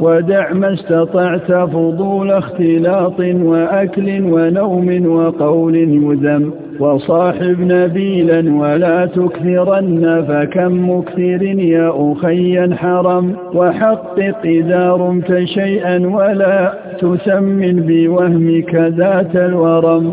ودع ما استطعت فضول اختلاط وأكل ونوم وقول مذم وصاحب نبيلا ولا تكثرن فكم مكثر يا أخي حرم وحقق إذا رمت شيئا ولا تسمن بوهمك ذات الورم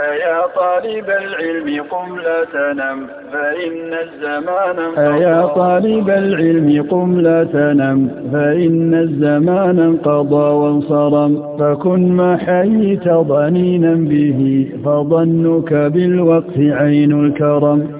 أيا طالب العلم قم لا تنم فإن الزمان انقضى أيا طالب العلم قم لا تنم فإن الزمان انقضى وانصرم فكن ما حييت ضنينا به فظنك بالوقت عين الكرم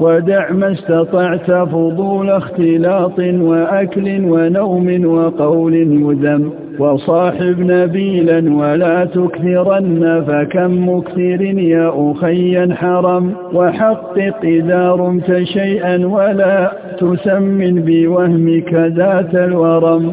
ودع ما استطعت فضول اختلاط وأكل ونوم وقول مذم وصاحب نبيلا ولا تكثرن فكم مكثر يا أخي حرم وحقق إذا رمت شيئا ولا تسمن بوهمك ذات الورم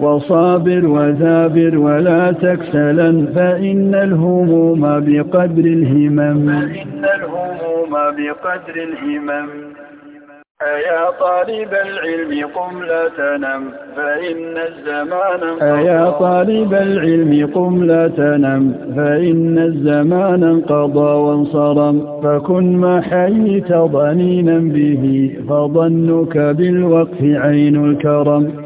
وصابر وذابر ولا تكسلا فإن الهموم بقدر الهمم فإن الهموم بقدر الهمم أيا طالب العلم قم لا تنم فإن الزمان أيا طالب العلم قم لا تنم فإن الزمان انقضى وانصرم فكن ما حييت ضنينا به فظنك بالوقف عين الكرم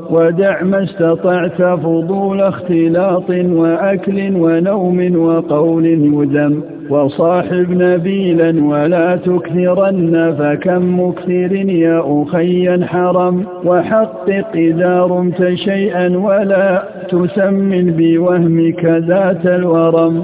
ودع ما استطعت فضول اختلاط وأكل ونوم وقول يدم وصاحب نبيلا ولا تكثرن فكم مكثر يا أخي حرم وحقق إذا رمت شيئا ولا تسمن بوهمك ذات الورم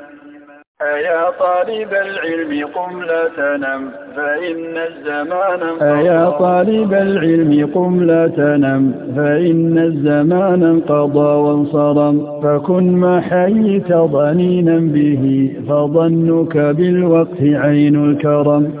أيا طالب العلم قم لا تنم فإن الزمان أيا طالب العلم قم لا تنم فإن الزمان انقضى وانصرم فكن ما حييت ظنينا به فظنك بالوقت عين الكرم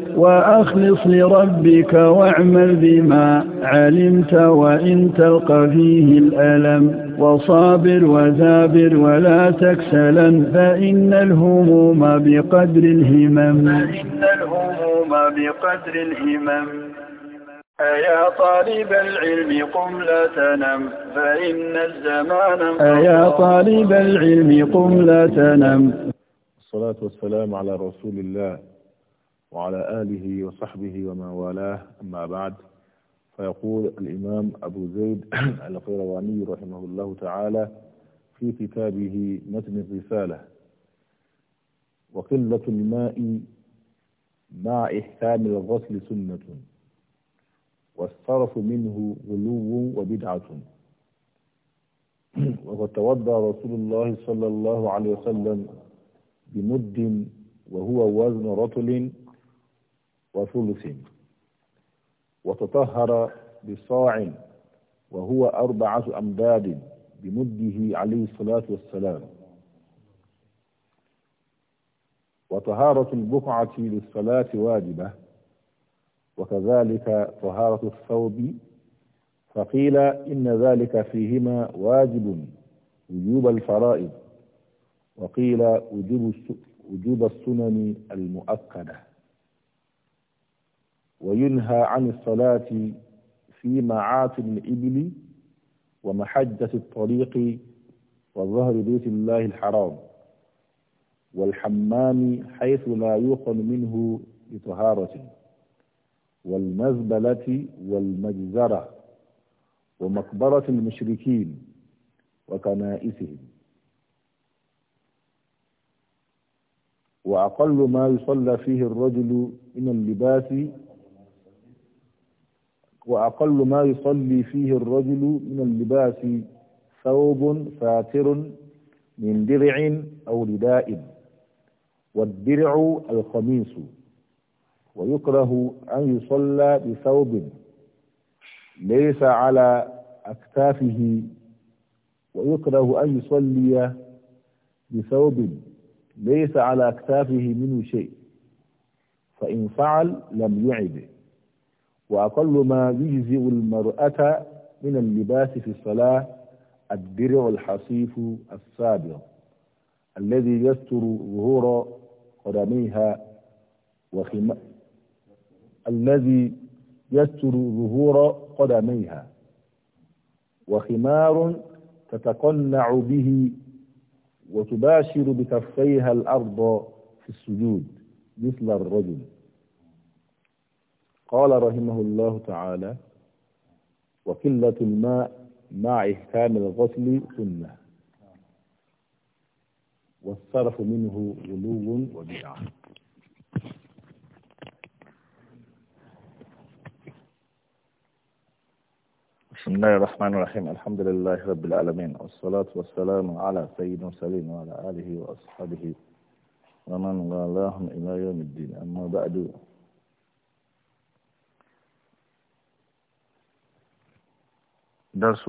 وأخلص لربك واعمل بما علمت وإن تلقى فيه الألم وصابر وذابر ولا تكسلا فإن الهموم بقدر الهمم فإن الهموم بقدر الهمم أيا طالب العلم قم لا تنم فإن الزمان أيا طالب العلم قم لا تنم الصلاة والسلام على رسول الله وعلى آله وصحبه ومن والاه أما بعد فيقول الإمام أبو زيد القيرواني رحمه الله تعالى في كتابه متن الرسالة وقلة الماء مع إحكام الغسل سنة والصرف منه غلو وبدعة وقد توضى رسول الله صلى الله عليه وسلم بمد وهو وزن رطل وثلث وتطهر بصاع وهو أربعة أمداد بمده عليه الصلاة والسلام وطهارة البقعة للصلاة واجبة وكذلك طهارة الثوب فقيل إن ذلك فيهما واجب وجوب الفرائض وقيل وجوب السنن المؤكده وينهى عن الصلاة في معاتل الإبل ومحجة الطريق وظهر بيت الله الحرام والحمام حيث لا يوقن منه لطهارة والمزبلة والمجزرة ومقبرة المشركين وكنائسهم وأقل ما يصلى فيه الرجل من اللباس وأقل ما يصلي فيه الرجل من اللباس ثوب فاتر من درع أو رداء والدرع القميص ويكره أن يصلى بثوب ليس على أكتافه ويكره أن يصلي بثوب ليس على أكتافه منه شيء فإن فعل لم يعبه وأقل ما يجزئ المرأة من اللباس في الصلاة الدرع الحصيف السابق الذي يستر ظهور قدميها وخم... الذي يستر ظهور قدميها وخمار تتقنع به وتباشر بكفيها الأرض في السجود مثل الرجل قال رحمه الله تعالى وقلة الماء مع إحكام الغسل سنة والصرف منه غلو وبيع بسم الله الرحمن الرحيم الحمد لله رب العالمين والصلاة والسلام على سيدنا سليم وعلى آله وأصحابه ومن والاهم إلى يوم الدين أما بعد درس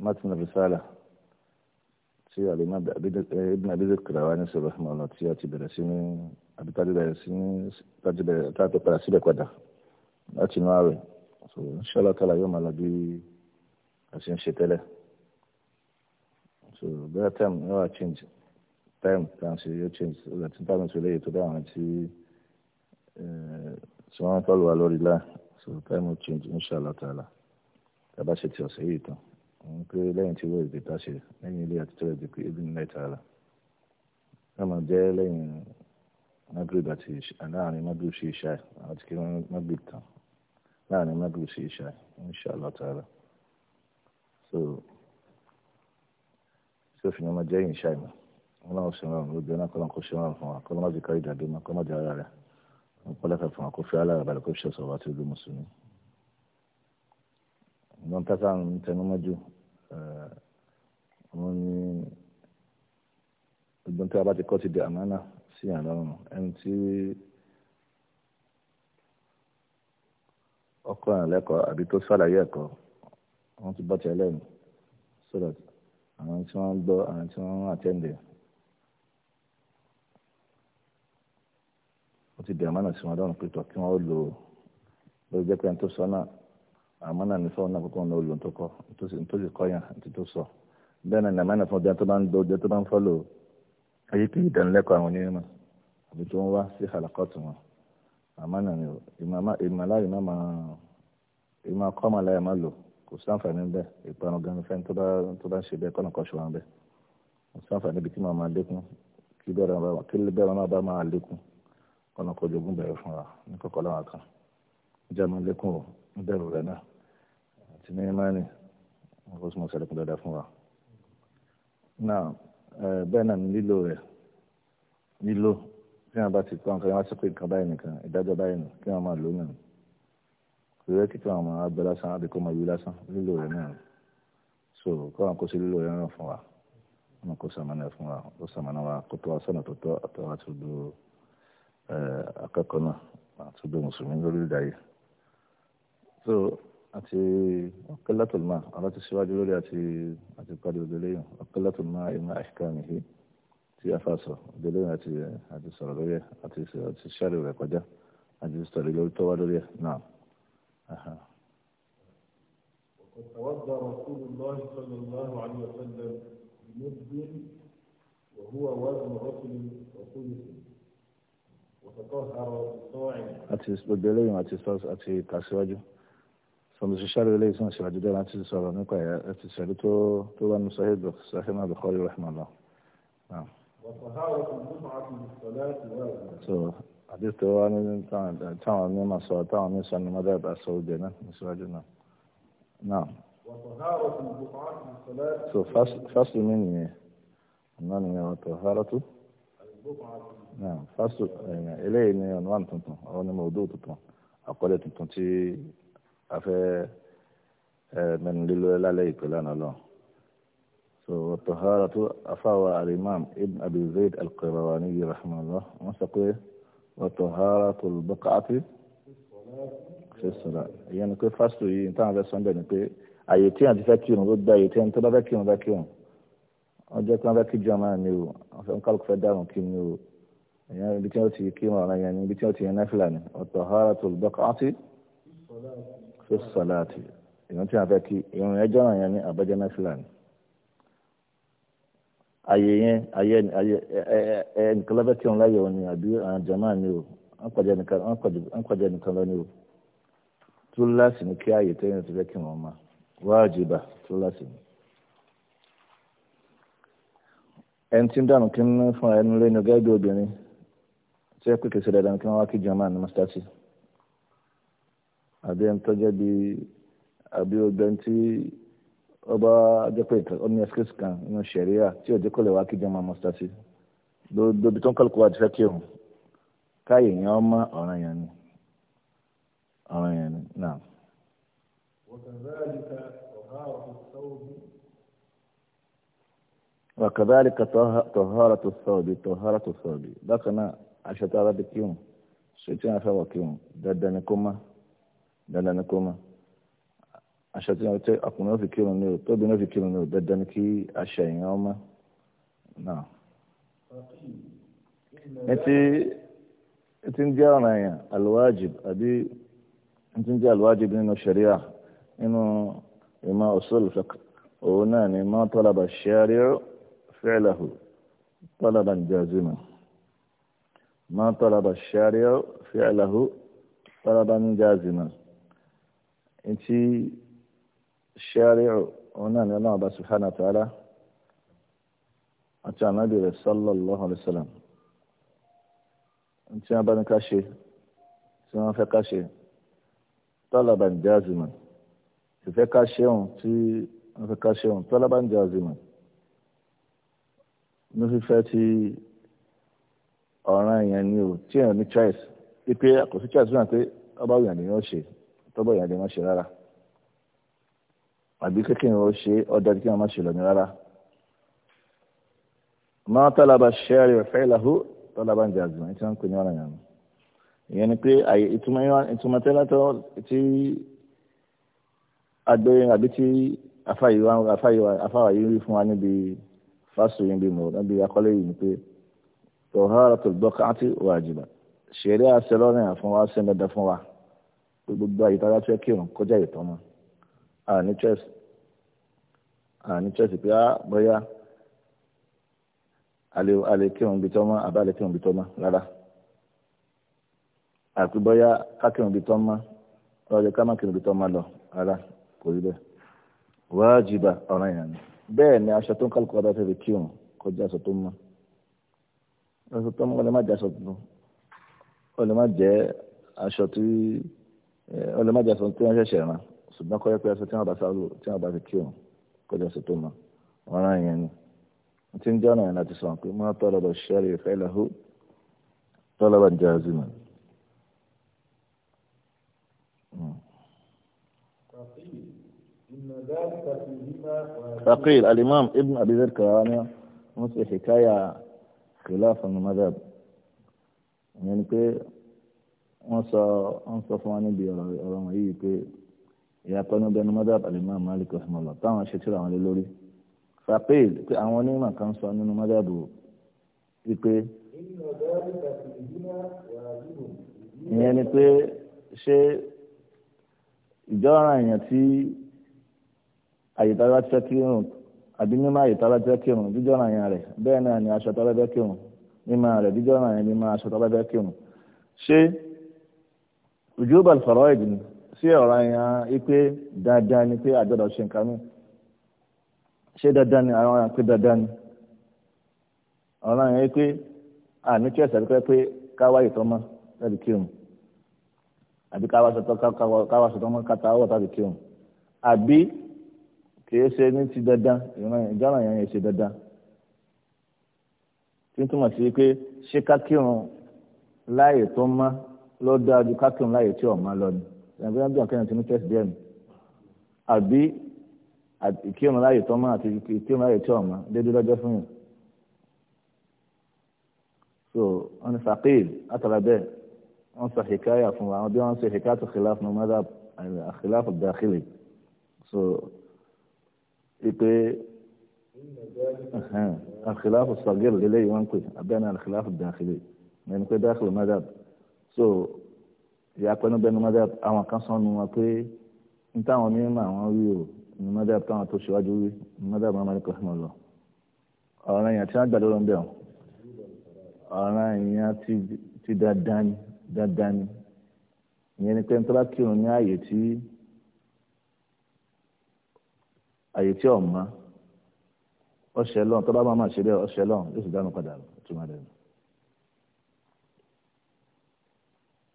متن الرسالة تي الإمام ابن أبي ذر القيرواني رحمه الله تي أتي برسيني أبي تاجي برسيني تاجي تاجي برسيني كودا أتي نواري إن شاء الله تعالى يوم على بي أسين شتله so that time no change time time so you change that time so late to down to so wọn kọ́ lù wá lórí láà so time will change inshallah ta'ala tàbá ṣe ti ọ̀sẹ̀ yìí tán òun pé lẹ́yìn tí wọ́n èdè tá ṣe lẹ́yìn ilé àti tẹ́lẹ̀ dìpé ebi nílẹ̀ ta'ala náà máa jẹ́ lẹ́yìn magrib àti láàrin magrib sí ìṣá àti kí wọ́n magrib tán láàrin magrib sí ìṣá inshallah ta'ala so sófin ọmọ jẹ́ ìṣá ìmọ̀ wọn náà ṣe wọn lóbi ọ̀nà kọ́lọ́n kó ṣe wọn fún wa kọ́lọ́n má jẹ́ káyọ̀dà dé mọ́ kọ́lọ́n má jẹ́ ara rẹ̀ ọ̀pọ̀lọpọ̀ fún akófí alárabalẹ̀ kó fi ṣe sọ̀rọ̀ àti olú mùsùlùmí. ìgbọ́n tá sáà ń tẹnumọ́jú wọn ní ìgbọ́n tí a bá ti kọ́ ti di àmánà sí àlọ́run ẹni tí ọkọ̀ àlẹ́kọ̀ọ́ àbí tó sàlàyé ẹ̀kọ́ wọ́n ti bọ́ tiẹ̀ lẹ́nu so àwọn tí wọ́n gbọ́ àwọn tí wọ́n àtẹ́ǹdẹ̀ẹ́. ti bẹ̀rẹ̀ mọ́nà sí wọn lọ́rùn pé tọ́ kí wọ́n lò ó lórí jẹ́ pé ẹni tó sọ náà àmọ́ náà ní sọ́wọ́n náà kókó náà lò tó kọ́ tó sì kọ́ yàn àti tó sọ bẹ́ẹ̀ náà nàmánà fún ọdún tó bá ń lo ọdún tó bá ń fọ́lò ayé pé ìdánilẹ́kọ̀ọ́ àwọn onímọ̀ àbí tó ń wá sí àlàkọ́tù wọn àmọ́ náà ni ìmọ̀láyè má máa ìmọ̀ akọ́mọ̀láyè má lò kò sáǹfààní bẹ́ẹ̀ ìpanu gan fẹ́ni tó bá ń ṣe bẹ́ẹ̀ kọ́nà kan ṣùgbọ́n bẹ́ẹ̀ kò sáǹfààní ibi tí màá máa lékún kí bẹ́ẹ̀ náà bá máa lékún kọ́nà kó jogún bẹ̀rẹ̀ fún wa ní kọ́kọ́ láwọn kan ìjà máa lékún o ń bẹ̀rù rẹ̀ náà àti ní imáni kó sì mọ̀ sẹ́lẹ̀kùn dáadáa fún wa. náà bẹ́ẹ̀ náà lílo rẹ̀ lílo tí wọ́n bá ti kọ́ nǹkan wọ́n ti pé nǹkan báyìí nìkan ìdájọ́ báyìí nì kí wọ́n máa lò náà kò yẹ kí kí wọ́n máa bẹ lásán àbí kó máa yú lásán lílo rẹ̀ náà so kọ́ àwọn kó sì lílo rẹ̀ náà fún wa wọn kó sàmánà fún wa kó sàmánà wa kó tó wa sọ́nà tó tọ́ àtọ́wà tó dúró akẹ́kọ̀ọ́ náà àti ọdún mùsùlùmí lórí ìdáyé so àti ọ̀kẹ́lẹ́tòlùmá aláti síwájú lórí àti àti pàdé òdòléyìn ọ̀kẹ́lẹ́tòlùmá ìmọ̀ àṣìkáàmì yìí tí a fà sọ òdòléyìn àti àti sọ̀rọ̀ lórí ẹ̀ àti àti sáré rẹ̀ kọjá àti sọ̀rọ̀ lórí tọ́wá lórí ẹ̀ náà. توضأ رسول الله صلى الله عليه وسلم بمد وهو وزن رجل وثلث àti gbogbo eléyìí àti sọ àti kàṣíwájú sọmọsí sáré eléyìí sọ síwájú dẹ́rẹ́ láti sọ̀rọ̀ nípa ẹ̀ àti sẹ́rí tó tó wà ní sahih sahih náà Bukhari rahimahullah. so àdìs tó wà ní táwọn mi máa sọ táwọn mi sọ ní mọ́tà àti sọ òde náà síwájú náà. náà. so fásitì mi nìyẹn náà nìyẹn wọ́n tọ̀ fásitì eh, eléyìí ni ọ̀nà wàn tuntun ọ̀rọ̀ ni mòdó tuntun àkọlé tuntun tí a fẹ́ eh, mẹ́nu lílo lálẹ́ ìpínlẹ̀ náà lọ. so tọ́háratu afáwa alimam ibn abi zayd alqirawani rahimahullah wọ́n sọ pé tọ́háratu bọ́kàtì ṣe sọ̀rọ̀ ìyẹn ni pé fásitì yìí ní táwọn fẹ́ sọ́ńdẹ̀ ni pé àyè tí wọn ti fẹ́ kírun ló gba àyè tí wọn tó bá fẹ́ kírun bá kírun. ọjọ́ tí wọ́n máa ní o kálukú fẹ́ dáhùn kí ni o èèyàn ibi tí wọ́n ti kí wọn ọ̀ràn yẹn ni ibi tí wọ́n ti yẹn ni ọ̀tọ̀ ọ̀hárà tó lùdọ́kọ̀ ọtí fi sọ̀láàtì èèyàn tí wọ́n fẹ́ kí ìrìn ẹjọ́ ọ̀ràn yẹn ni àbájá ni. yẹn ẹ ẹ lọ́fẹ́ kí ẹni tí ń dànù kí ń fún ẹnu lẹ́nu gẹ́gẹ́ bí obìnrin tí ẹ pèkè sí dandan kí wọ́n wá kí jama ní mọ́sításì àbí ẹni tó jẹ́ bí àbí obìnrin tí ọba jẹ́pẹ́ ọ̀nà ẹ̀sìkìsì kan nínú sẹ̀ríà tí òjò kò lè wá kí jama mọ́sításì lóbi tó ń kálukú wa ti fẹ́ kí òun káyè yẹn ọmọ ọ̀ràn yẹn ni ọ̀ràn yẹn ni náà. wọ́n kàn وكذلك طهارة الثوب طهارة الثوب بقنا عشرة عربك يوم شيطان فوق يوم ددنكما ددنكما aṣọ tí wọn tẹ ọkùnrin náà fi kírun ní o tóbi náà fi kírun ní o dandan ni kí aṣọ èèyàn ọmọ náà. etí etí ń jẹ́ ọ̀ràn èèyàn alwajib àbí etí ń jẹ́ alwajib nínú sharia nínú ìmọ̀ usul fiqh òun náà ni ma talaba shari'u. فعله طلبا جازما ما طلب الشارع فعله طلبا جازما انت الشارع هنا الله سبحانه وتعالى àti ànábì sallallahu alayhi wa sallam tí wọn bá ní ká ṣe tí wọn fẹ́ ká ṣe talaban jaziman ìfẹ́ ká ṣe ohun tí wọn fẹ́ ká ṣe ohun talaban jaziman ní fífẹ́ ti ọ̀ràn yẹn ni o tí èèyàn ní choice pípé kò sí choice náà pé ọba òyìn àdéhùn ó ṣe tọ́bọ̀ òyìn àdéhùn ó ṣe rárá àbí kékeré ó ṣe ọ̀dà kí wọ́n má ṣe lọ́ni rárá. máa tọ́lába ṣẹ́ẹ̀rì ọ̀fẹ́ ìlàhó tọ́lába ń jàzùmọ̀ ẹni tí wọ́n ń pè ní ọ̀ràn yẹn ìyẹn ni pé àyè ìtumọ̀ tẹ́lẹ̀tọ́ tí agbẹ́rin àbí tí afáyíwá afáyíwá afáwáyé rí fún wa níbi fásitì yìí ń bí mo níbi akọ́lé yìí ni pé tọ̀hárà tó gbọ́ káńtì wà jìbà ṣeré àṣẹ lọ́rìn àfún wa ṣe dandan fún wa gbogbo àyíká bá fẹ́ kírun kọjá ìtọ́ mọ́ àní chess àní chess pé á ah, bóyá àlè kírun bí tọ́ mọ́ àbá àlè kírun bí tọ́ mọ́ rárá àti bóyá kákírun bí tọ́ mọ́ lọ́jọ́ ká má kírun bí tọ́ mọ́ lọ rárá kò rí bẹ́ẹ̀ wájibà ọ̀ràn yẹn bẹ́ẹ̀ ni aṣọ tó ń kálukú ọ̀dà tẹ̀lé kírun kọjá aṣọ tó ń mọ́ aṣọ tó ń mọ́ lè má jẹ́ aṣọ tuntun ó lè má jẹ́ aṣọ tí eh, ó lè má jẹ́ aṣọ tí wọ́n ṣẹ̀ṣẹ̀ rán ṣùgbọ́n kọ́ yẹ pé aṣọ tí wọ́n bá sáwọ́ tí wọ́n bá fi kírun kọjá aṣọ tó ń mọ́ wọn rán ìyẹn ni tí ń jẹ́ ọ̀nà yẹn láti sọ pé mọ́ tọ́lọ́bà ṣẹ́rì fẹ́lẹ́hù tọ́lọ́bà jẹ́ aziman فقيل الإمام ابن أبي ذر كراني مثل حكاية خلاف المذهب يعني كي وصا وصا فواني بي رمي كي يقول بين مذهب الإمام مالك رحمه الله طبعا شكرا على لوري فقيل كي أولي ما كان صاني مذهب كي يعني كي شيء ìjọ́ra èèyàn tí àyètá bá tẹ́ kírun àbí mímọ́ àyètá bá tẹ́ kírun jíjọ́ náà yẹn rẹ̀ bẹ́ẹ̀ náà ni aṣọ tó bá fẹ́ kírun mímọ́ rẹ̀ jíjọ́ náà yẹn mímọ́ aṣọ tó bá fẹ́ kírun. ṣé ojúbà fọ̀rọ̀ ẹ̀jì ni sí ọ̀rọ̀ yẹn ipe dandan ni pé àjọ̀dọ̀ ṣe nǹkan mi ṣé dandan ni àwọn yẹn pé dandan ni ọ̀rọ̀ yẹn pé àní kí ẹ̀sẹ̀ pé pé káwá ìtọ́mọ́ láti kírun àbí káwá ṣètọ́ mọ́ kátà ọ̀wọ́ tàbí kírun àbí kìí ṣe ní ti dandan ìjọ́nà yẹn yẹn ṣe dandan tí ń túmọ̀ sí pé ṣé kákírun láàyè tó mọ́ ló dáa ju kákírun láàyè tí ò mọ́ lọ ni ẹ̀gbẹ́ bí ọ̀kẹ́yìn ti ní tẹ̀sí díẹ̀ nù àbí ìkírun láàyè tó mọ́ àti ìkírun láàyè tí ò mọ́ déédéé lọ́jọ́ fún yàn so wọn ni faqir látara bẹ́ẹ̀ wọn sọ hikaya fún wa àwọn bí wọn sọ hikaya tó khilaf ní madhab khilaf al-dakhili so ipe alxilafu sagir lele yi wọn pe abẹ́ni alxilafu dàkìlì ẹni pé dàkìlì madhab so ìyàpẹ́nu bẹ́ni madhab àwọn kan sọ nu wọn pé n táwọn mímọ àwọn rí o ní madhab táwọn tó ṣíwájú rí ní madhab máa ní kọ́sìmọ̀ lọ ọ̀ràn yẹn tí wọ́n gbàdúrà ń bẹ̀ wọn ọ̀ràn yẹn ti dandan ni dandan ni ìyẹn ni pé n kírun ní ààyè tí. àyè tí ọ̀ma ọ̀ṣẹ̀ lọ́n tọ́ba máa máa ṣe bẹ́ẹ̀ ọ̀ṣẹ̀ lọ́n yóò sì dánú padà túmọ̀ rẹ̀ nù.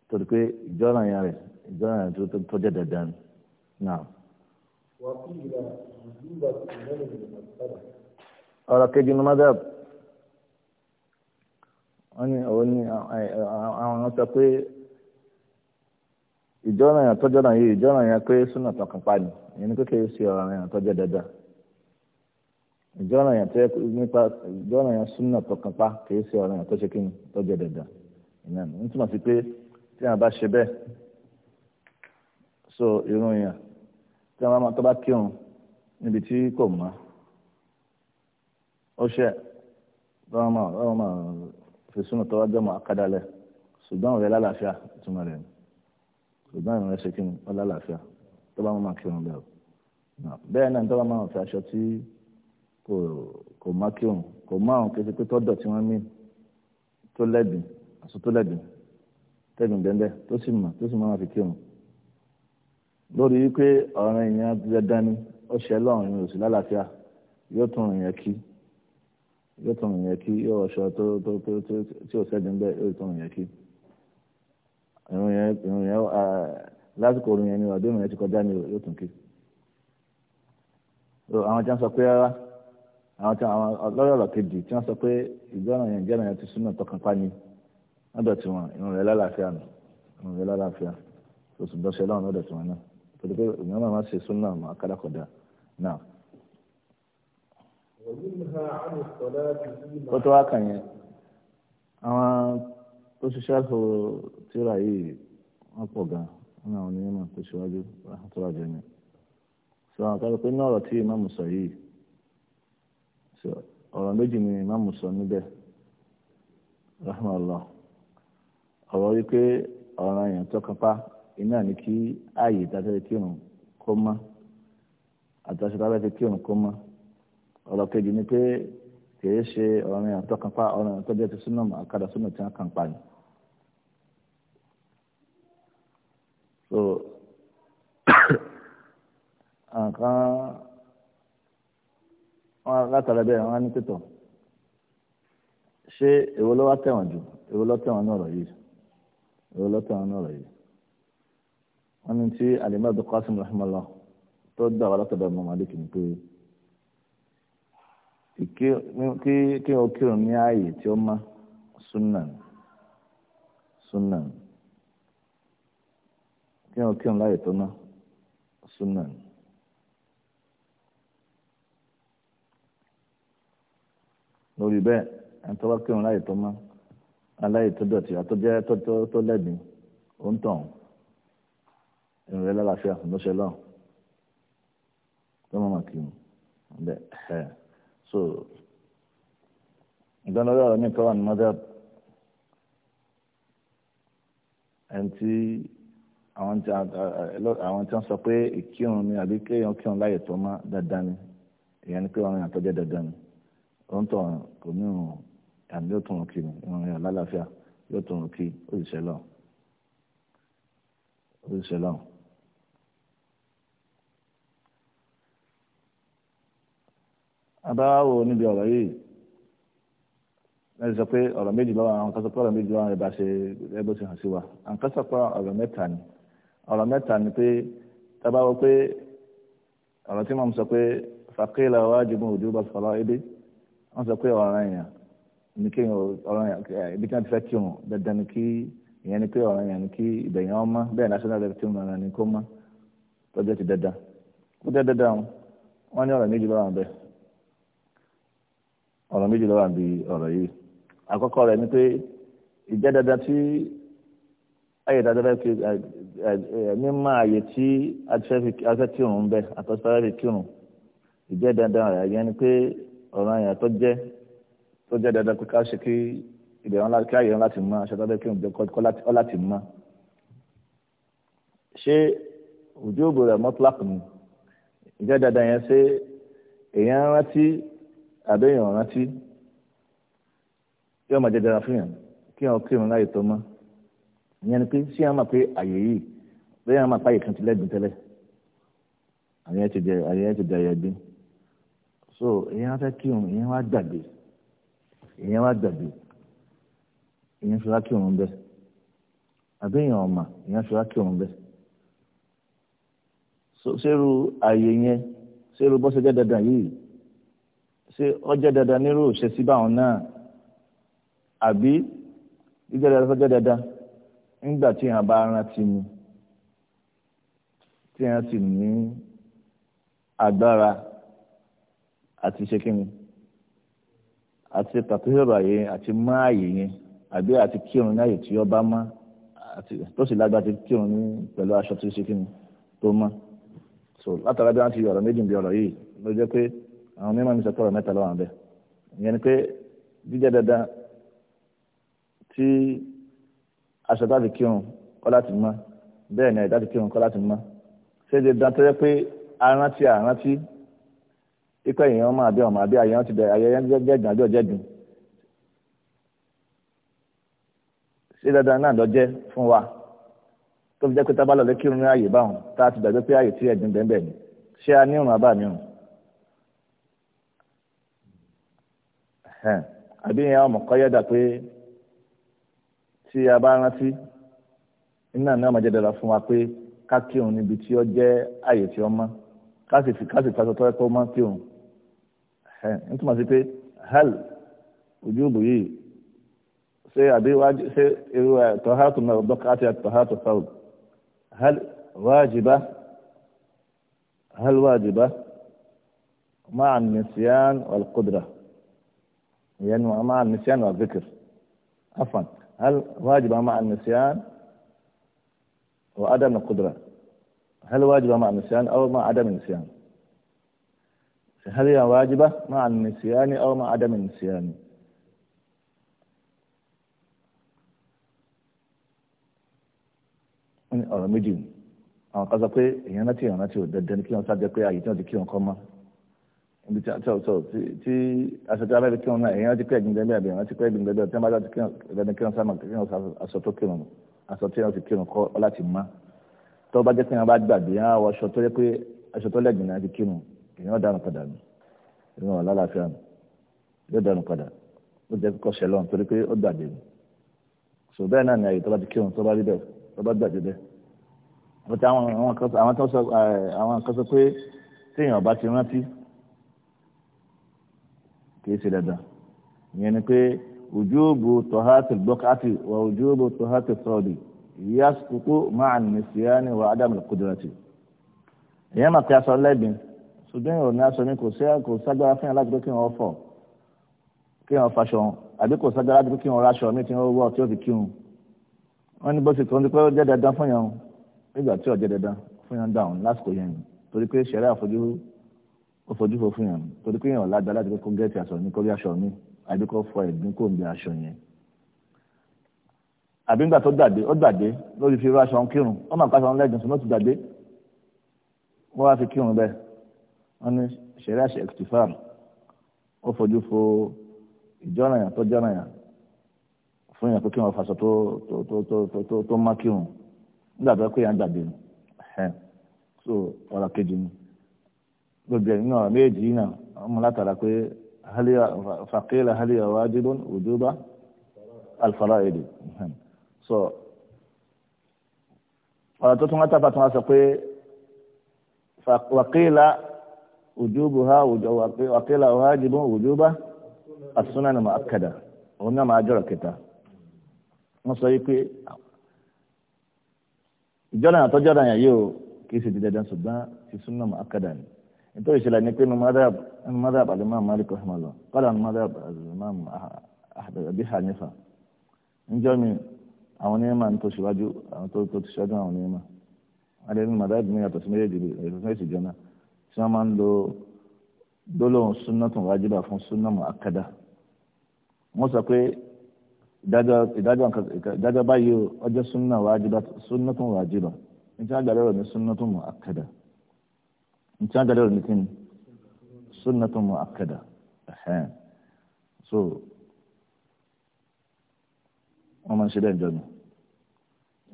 torí pé ìjọ́ra yẹn rẹ̀ ìjọ́ra yẹn tó jẹ́ dandan náà. ọ̀rọ̀ kejì ní madab wọ́n ní àwọn sọ pé ìjọ́nà yẹn tọ́jọ́ náà yìí ìjọ́nà yẹn pé súnà tán kan pani ìyẹn ní kékeré sí ọ̀ràn yẹn tọ́jọ́ dandan ìjọ́nà yẹn tẹ́ nípa ìjọ́nà yẹn súnà tán kan pa kìí sí ọ̀ràn yẹn tọ́jọ́ kíni tọ́jọ́ dandan ìyẹn ní túmọ̀ sí pé tí wọn bá ṣe bẹ́ẹ̀ so irun yẹn tí wọn bá tó bá kírun níbi tí kò mọ́ ó ṣe lọ́wọ́ máa lọ́wọ́ máa fi súnà tọ́wọ́ jọ́mọ́ akádálẹ̀ ṣùgbọ́n ọ̀rẹ́ lálàáfíà túmọ̀ rẹ̀ ni ṣùgbọ́n ìrìn rẹ̀ ṣe kí ni ọlá àlàáfíà tó bá máa kírun lẹ́ọ̀ bẹ́ẹ̀ náà tó bá máa fi aṣọ tí kò má kírun kò má òun kété pé tọ́dọ̀ tí wọ́n mí tó lẹ́bìn aṣọ tó lẹ́bìn tẹ́gùn dẹ́ndẹ́ tó sì mọ̀ tó sì máa fi kírun lórí wípé ọ̀ràn èèyàn dandan ni ó ṣe lọ́rùn ìrìn òsì lálàáfíà yóò tún ìrìn yẹn kí yóò tún ìrìn kí yóò ọṣọ tó tó tó tí ò sẹ́gun bẹ́ẹ̀ yóò tún ìrìn kí ìrun yẹn ìrun yẹn ah, lásìkò ìrun yẹn ni ọdún ìrun yẹn ti kọjá ní yóò tún kí àwọn tí wọ́n sọ pé rárá àwọn tí àwọn lọ́rọ̀ ọ̀rọ̀ kejì tí wọ́n sọ pé ìjọ́nà yẹn ìjọ́nà yẹn ti súnà tọkànpá ni lọ́dọ̀ tí wọn ìrun rẹ̀ lálàáfíà nù ìrun rẹ̀ lálàáfíà oṣù dọ́ṣẹ́ lọ́run lọ́dọ̀ tí wọn náà torí pé ìyọ́n náà máa ṣe súnà mọ́ akádàkọ̀dà náà. ó tó wá kàn yẹn àwọn tó ṣe ṣáàfù tíra yìí wọ́n pọ̀ gan nínú àwọn onímọ̀ tó ṣíwájú rahmatullah jẹ́mi sọ àwọn pé ní ọ̀rọ̀ tí ìmáàmù sọ yìí ọ̀rọ̀ méjì ni ìmáàmù sọ níbẹ̀ rahmatullah ọ̀rọ̀ wípé èèyàn iná ni kí ààyè ìdájọ́ kírun kó mọ́ àtàṣe tábẹ́ kírun kó mọ́ kìí ṣe ọ̀rìn àtọkànpá ọ̀rìn àtọ́jọ́ ti súnà àkàdà súnà tí wọ́n kàn pa ni. so nǹkan wọn látara bẹ́ẹ̀ wọ́n á ní pẹ̀tọ̀ ṣé èwo ló wá tẹ̀wọ̀n jù èwo ló tẹ̀wọ̀n ní ọ̀rọ̀ yìí èwo ló tẹ̀wọ̀n ní ọ̀rọ̀ yìí wọ́n ní tí alimadu qasim rahimahullah tó dá látọ̀dọ̀ ọmọ malik ni pé kí kí o kírun ní ààyè tí ó mọ́ sunan sunan kí o kírun láàyè tó mọ́ sunan. lórí bẹ́ẹ̀ ẹni tó bá kírun láàyè tó mọ́ aláyè tó dọ̀tí àtọ́jẹ́ tó lẹ́gbìn ó ń tàn ìrìn rẹ̀ lálàáfíà ló ṣe lọ́ọ̀ tó mọ̀ mọ̀ kírun bẹ́ẹ̀ ẹ̀ so ìdánilójú ọ̀rọ̀ mi kọ́ wà ní mọ́dẹ́b ẹni tí àwọn tí àwọn tí wọ́n sọ pé ìkírun ni àbí kéèyàn kírun láyè tó má dandan ni ìyẹn ni pé wọn yàn tọ́jú dandan ni ó ń tọ̀ kò ní ìrùn àmì yóò tún kí ni ìrùn yàn lálàáfíà yóò tún kí ó sì ṣẹlọ ó abáwò níbi ọ̀rọ̀ yìí lẹ́yìn sọ pé ọ̀rọ̀ méjì lọ́wọ́ àwọn kan sọ pé ọ̀rọ̀ méjì lọ́wọ́ ẹ̀ bá ṣe ẹgbẹ́ ti hàn sí wa àwọn kan sọ pé ọ̀rọ̀ mẹ́ta ni ọ̀rọ̀ mẹ́ta ni pé tábàwọ̀ pé ọ̀rọ̀ tí màmú sọ pé fàkìlà wájibun wujuba faraidi wọ́n sọ pé ọ̀rọ̀ èèyàn ní kí ọ̀rọ̀ ibi tí wọ́n ti fẹ́ kírun dandan ni kí ìyẹn ni pé ọ̀rọ̀ èèyàn ni kí ìbẹ̀yàn ọmọ bẹ́ẹ̀ national level tí wọ́n ní kó mọ́ tọ́jú ti dandan ó dẹ́ dandan wọn ní ọ̀rọ̀ méjì lọ́wọ́ àwọn bẹ́ẹ̀ ọ̀rọ̀ méjì ló wà bí ọ̀rọ̀ yìí àkọ́kọ́ rẹ̀ ni pé ìjẹ́ dandan tí ayé dandan fẹ́ fi mímọ àyè tí afẹ́ kírun ń bẹ àtọ́sífẹ́ fi kírun ìjẹ́ dandan rẹ̀ yẹn ni pé ọ̀rọ̀ àyàn tó jẹ́ tó jẹ́ dandan pé ká ṣe kí ìdè wọn kí àyè wọn láti mọ aṣọ tó fẹ́ kírun jẹ kọ́ láti mọ. ṣé ojú òbò rẹ̀ mọ́tíláàpù ni ìjẹ́ dandan yẹn ṣe èèyàn rántí. àbẹ́yàn rántí yóò máa jẹjẹrẹ fihàn kí wọn kírun láyè tó mọ́ ìyẹn ni pé ṣé wọn máa pé àyè yìí bẹ́ẹ̀ wọn máa pa kan ti lẹ́gbìn tẹ́lẹ̀ àyẹn ti jẹ àyẹn ti so ìyẹn wọn fẹ́ kírun ìyẹn wọn gbàgbé ìyẹn wọn gbàgbé ìyẹn fi wá kírun bẹ́ẹ̀ àbẹ́yàn ọ̀mà ìyẹn fi wá kírun bẹ́ẹ̀ so ṣerú àyè yẹn ṣerú bọ́sẹ̀ jẹ́ dandan yìí. ṣé ọjọ́ dandan nírú òṣè sí báwọn náà àbí jíjẹ́ dandan fọ́jọ́ dandan nígbà tí èèyàn bá rántí ni tí èèyàn sì ní agbára àti ṣe kí ni àti pàtóyọ̀bà yẹn àti máàyè yẹn àbí àti kírun ní àyè tí ọba má àti tó sì lágbá ti kírun ní pẹ̀lú aṣọ tó ṣe kí ni tó mọ́ so látara bí wọ́n ti yọ̀rọ̀ méjì bí ọ̀rọ̀ yìí ló jẹ́ pé àwọn mímọ́ mi sọ pé ọ̀rọ̀ mẹ́ta lọ́wọ́ àwọn bẹ́ẹ̀ ìyẹn ni pé jíjẹ́ dandan tí aṣọ táfi kírun kọ́ láti mọ́ bẹ́ẹ̀ ni àìdáfi kírun kọ́ láti mọ́ ṣé dandan tó yẹ pé arántí arántí ikọ̀ èèyàn máa bí ọmọ àbí àyẹ̀wò ti bẹ̀rẹ̀ àyẹ̀wò jẹ́gbìn àbí ọ̀jẹ̀gbìn ṣé dandan náà lọ jẹ́ fún wa tó fi jẹ́ pé tábàlọ̀ kírun ní ààyè báwọn tá a ti gbàgbé pé ààyè tí ẹ̀gbìn bẹ́ẹ̀ bẹ́ẹ̀ ni ṣé a ní ìrùn àbá mi rùn àbí ya ọmọ kọ́yẹ́dà pé tí a bá rántí iná náà máa jẹ́ fún wa pé ká kírun níbi tí ó jẹ́ àyè tí ó mọ́ ká sì fi ká sì fasọ hal ojú òbò yìí ṣé àbí wájú ṣé irú dọ́kà àti hal máa ينوى مع النسيان والذكر عفوا هل واجبة مع النسيان وعدم القدرة هل واجبة مع النسيان أو مع عدم النسيان هل هي واجبة مع النسيان أو مع عدم النسيان أنا méjì àwọn kan sọ pé èèyàn náà tí èèyàn náà tí ò dandan ní kí wọ́n sáájẹ́ pé àyè tí wọ́n ti kí ni ki won ibi tí tí tí tí aṣọ tí a bá fi kírun náà èèyàn ti pẹ́ gbìndẹ́ bẹ́ẹ̀ bẹ́ẹ̀ wọ́n ti pẹ́ gbìndẹ́ bẹ́ẹ̀ tí wọ́n bá dá ti kírun ẹni kírun sáà máa kírun aṣọ tó kírun aṣọ tí wọ́n ti kírun kọ́ láti má tó bá jẹ́ pé wọ́n bá gbàgbé yẹn àwọn aṣọ tó yẹ pé aṣọ tó lẹ́gbìn náà ti kírun èèyàn dànù padà nù èèyàn lálàáfíà nù yóò dànù padà ó jẹ́ kọ́ ṣẹlọ́n torí pé ó gbàgbé nù so bẹ́ẹ̀ náà ni àyè tó bá ti kírun tó bá rí bẹ́ẹ̀ tó bá gbàgbé bẹ́ẹ̀ àwọn kan sọ pé téèyàn bá ti rántí kìí ṣe dandan ìyẹn ni pé ojúbù tọ́hátì bọ́kátì wà ojúbù tọ́hátì sọ́ọ̀dì ìyá kúkú máa nìṣíyáni wà ádámù kúdúrátì. ìyẹn mà pé aṣọ lẹ́bìn ṣùgbọ́n ìròyìn aṣọ ni kò sí kò ságbára fún yàrá gbé kí wọ́n fọ̀ kí wọ́n faṣọ àbí kò ságbára gbé kí wọ́n raṣọ mi tí wọ́n wọ́ tí ó fi kírun. wọ́n ní bó ṣe kàn ní pé jẹ́ dandan fún yàn nígbà tí ó ó fojú fo fún yàn torí pé yàn ọ̀ lágbára láti kó gẹ́ẹ̀tì aṣọ ní kórí aṣọ mi àbí kó fọ ẹ̀gbín kò ń bí aṣọ yẹn. àbí ńgbà tó gbàgbé ó gbàgbé lórí fi irú aṣọ ń kírun ó mà pàṣẹ ọ̀nlẹ́gbẹ̀ẹ́ sùn ló ti gbàgbé wọ́n wá fi kírun bẹ́ẹ̀ wọ́n ní ṣẹ̀rẹ́ àṣẹ ẹ̀kìtìfàm ó fojú fo ìjọ́ràn tó jọ́ràn fún yàn pé kí faṣọ tó tó tó tó tó tó má kírun nígbà tó kó yàn gbàgbé so ọ̀rọ̀ kejì ni gbogbo ẹ̀ náà méjì náà ọmọ látara pé fàkílà haliya wajibun wujuba alfaraidi so ọ̀rọ̀ tó tún wá tábà tún wá sọ pé wàkílà wujubuha wàkílà wajibun wujuba as-sunan mu'akkada òun náà máa jọ̀rọ̀ kẹta wọ́n sọ yìí pé ìjọ́ra àtọ́jọ́ra yẹn yóò kì í ṣe dídẹ́dẹ́ ṣùgbọ́n ti súnmọ́ mu'akkada ni nítorí ìṣẹ̀lẹ̀ ni pé numadab alimam malik rahmanlọ kọ́dà numadab alimam abi hanifa níjọ́ mi àwọn onímọ̀ tó ṣíwájú àwọn tó tó ṣíwájú àwọn onímọ̀ adẹ́nu numadab mi yàtọ̀ sí méjèèjì ìrètò sí ìjọ náà tí wọ́n máa ń lo gbólóhùn súnná tó wájibà fún súnná mu akada wọ́n sọ pé ìdájọ́ báyìí ọjọ́ súnná wájibà súnná tó wájibà nítorí àgbàdo rẹ̀ ní súnná tó mu akada ní tí wọ́n jáde lórí nìkan sunnatun mu'akkada so wọ́n máa ń ṣe bẹ́ẹ̀ jọ mi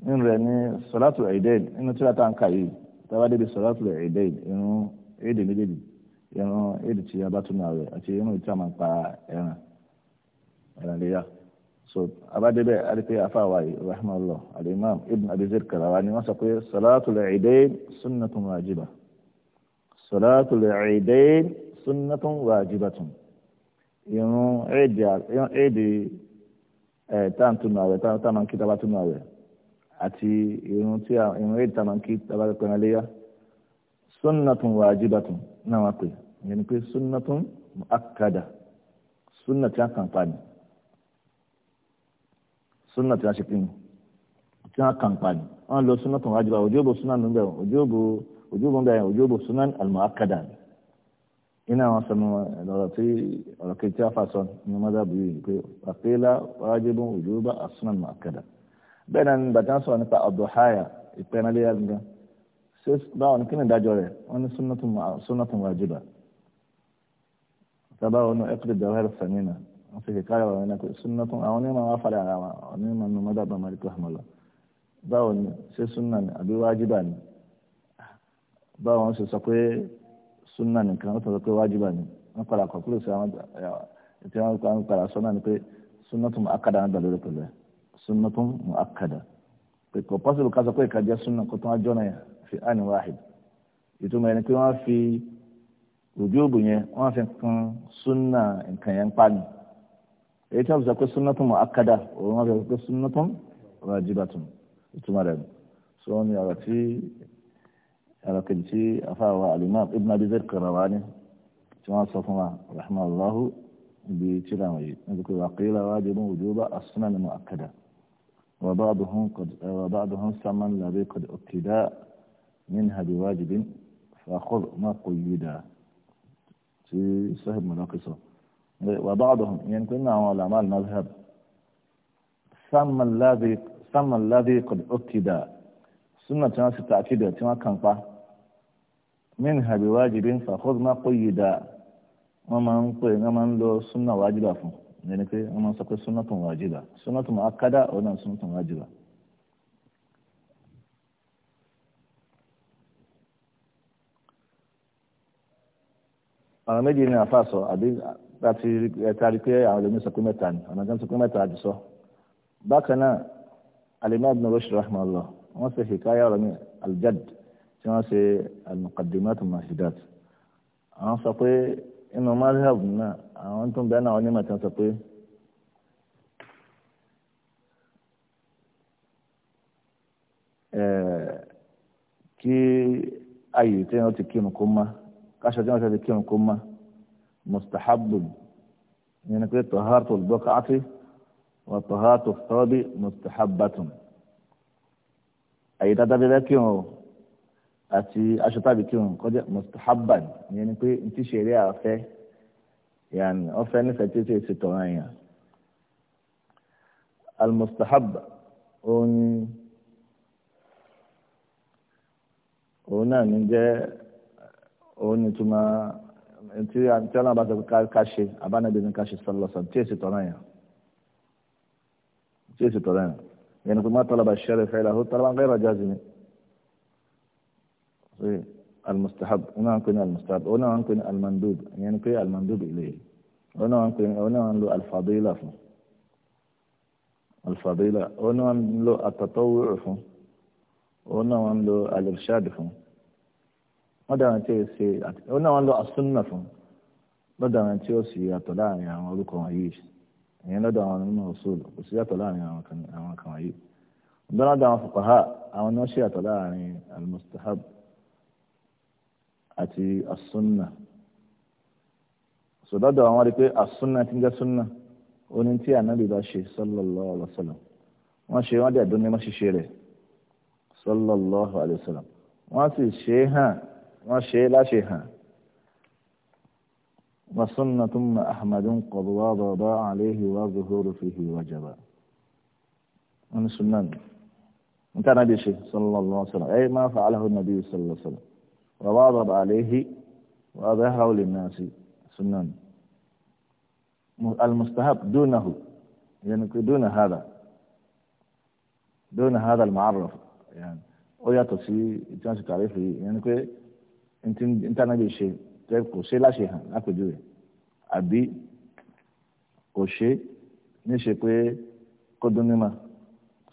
nínú rẹ̀ ní sọ́látù ẹ̀ẹ́dẹ́ẹ̀dì nínú tí wọ́n ta ń kà yìí táwa débi sọ́látù ẹ̀ẹ́dẹ́ẹ̀dì irun éèdè méjèèjì irun éèdè tí a bá tún náà rẹ̀ àti irun ìta máa ń pa ẹran ẹran léyà so abadebe alife afaawayi rahmanallah alimam ibn abizir karawa ni wọ́n sọ pé sọ́látù ẹ̀ẹ́dẹ́ẹ̀dì sunnatun wajiba sọ̀láàtù lẹ́ẹ̀ẹ́dẹ́ sunnatun wajibatun irun éèdì ẹ̀ táǹtùnú àwẹ̀ táǹkì tábàtúnú àwẹ̀ àti irun tí irun éèdì táǹkì tábàtúnú àléyá sunnatun wajibatun náà wọ́n pè ìyẹn ni pé sunnatun muakkada sunna tí a kàn pa ni sunna tí a ṣe pinnu tí a kàn pa ni wọ́n lọ وجوب دائم يعني وجوب السنن المؤكدة هنا وصلنا لغتي لكي تفاصل من ماذا بيقول واجب وجوب السنن المؤكدة بين أن بتنسوا نبقى الضحايا يبقينا لي ألقى سيس باو نكين داجوري وأن سنة سنة واجبة تبا أنه اقرب دوائر الثمينة وفي حكاية وأنك سنة أو ما وفر على نيما أنه ماذا بمالك رحمه الله باو سيس سنة أبي واجبان báwo wọn ṣe sọ pé sunna nìkan wọn sọ pé wájibà ni wọn padà kọkúrò sí àwọn ètò àwọn kan padà sọ náà ni pé sunna tún akada ń dàlórí pẹ̀lú ẹ sunna tún mu akada pé kò pọ́sibù ká sọ pé ìkàjẹ́ sunna kó tún á jọ́nà fi àní wáhid ìtumọ̀ ẹni pé wọ́n fi wujubu yẹn wọ́n fi kún sunna nǹkan yẹn ń pa ni èyí tí wọ́n sọ pé sunna tún mu akada òun wọ́n fi sọ pé sunna tún wájibà tún ìtumọ̀ rẹ̀ ni sọ ẹ̀rọ kejì tí afáwa alimam ibn abi zayd Qirawani tí wọ́n sọ fún wa rahmanallahu ibi tíra wọn yìí níbi pé wàkìlá wajibu wujuba as-sunan al-mu'akkada wa ba'duhum qad wa ba'duhum saman ladhi qad uqida minha biwajibin فأخذ ما قيدا في صاحب مناقصة وبعضهم ينقلنا يعني علماء المذهب ثم الذي ثم الذي قد أكد سنة ناس التأكيد كما كان قا minha bi wajibin fakhudh ma quyida wọ́n máa ń pè wọ́n máa ń lo súnà wájibà fún ẹni pé wọ́n máa ń sọ pé súnà tó wájibà súnà tó muakkada òun náà súnà tó wájibà. ọ̀nà méjì ni àfa sọ àbí láti ẹ̀ta rí pé àwọn ẹlòmíín sọ ni ọ̀nà kan sọ pé mẹ́ta àti bákan náà alimadu ibn Rushd rahmanullah wọ́n ṣe hikaya ọ̀rọ̀ aljad tí wọ́n ṣe al-muqaddimat al-mashidat àwọn sọ pé inú mazhab náà àwọn tó ń bẹ náà onímọ̀ tí wọ́n sọ pé kí ayé tí wọ́n ti kírun kó má káṣọ tí wọ́n ti kírun kó má mustahabu nínú pé tọ́hártò bọ́kàtì wà tọ́hártò tọ́bí mustahabatun ayé dáadáa bẹ́ẹ̀ kírun o. àti aṣọ tàbí kírun kọjá mustahabban ìyẹn ni pé n ntí ṣeré àfẹ́ yàní ọfẹ nífẹ̀ẹ́ tí ó ti ṣe sọ pé ká ṣe toran yàn almustahab òun òun náà ní jẹ́ òun ní túmọ̀ tí ọlọ́run bá sọ pé ká ṣe abánabi ní ká ṣe sọlọ́sàn tí ó ṣe tọ̀ràn yàn tí ó ṣe tọ̀ràn yàn ìyẹn ni pé so ti o se toran yan ti o se toran yen iyen ni pe ma ba o talaba ba n gbe talaban ghayra ni إيه؟ المستحب هنا عنكن المستحب هنا عنكن المندوب يعني كي المندوب إليه هنا عنكن هنا عن الفضيلة فهم الفضيلة هنا عن التطوع فهم هنا عن له الإرشاد فهم ماذا عن شيء سي هنا عن له السنة فهم ماذا عن شيء سي أتلاع يعني ما لكم أيش يعني لا دعوة من الرسول بس يا تلاع يعني ما كان ما كان أيش دعوة فقهاء أو نشيا تلاع يعني المستحب àti asúnà sọdọdọ àwọn rí pé asúnà ti ń jẹ súnà oní tí ànábì bá ṣe sallallahu alaihi wasallam wọn ṣe wọn dẹ̀ dún ní wọn ṣiṣẹ́ rẹ̀ sallallahu alaihi wasallam wọn sì ṣe hàn wọn ṣe láṣẹ hàn wa sunnatun ma ahmadun kọbuwa bàbá àlehi wa zuhuru fihi wa jaba wọn ni súnà ní nǹkan ànábì ṣe sallallahu alaihi ẹ máa fa aláhùn nàbí sallallahu alaihi وواظب عليه وأظهره للناس سنن المستحب دونه يعني دون هذا دون هذا المعرف يعني ó yàtọ̀ sí tí wọ́n ti tàrífù yìí ìyẹn ni pé íńtánẹ́ẹ̀tì ṣe tẹ́ kò ṣe láṣẹ hàn lápèjúwe àbí kò ṣe níṣe pé kó dún ní mà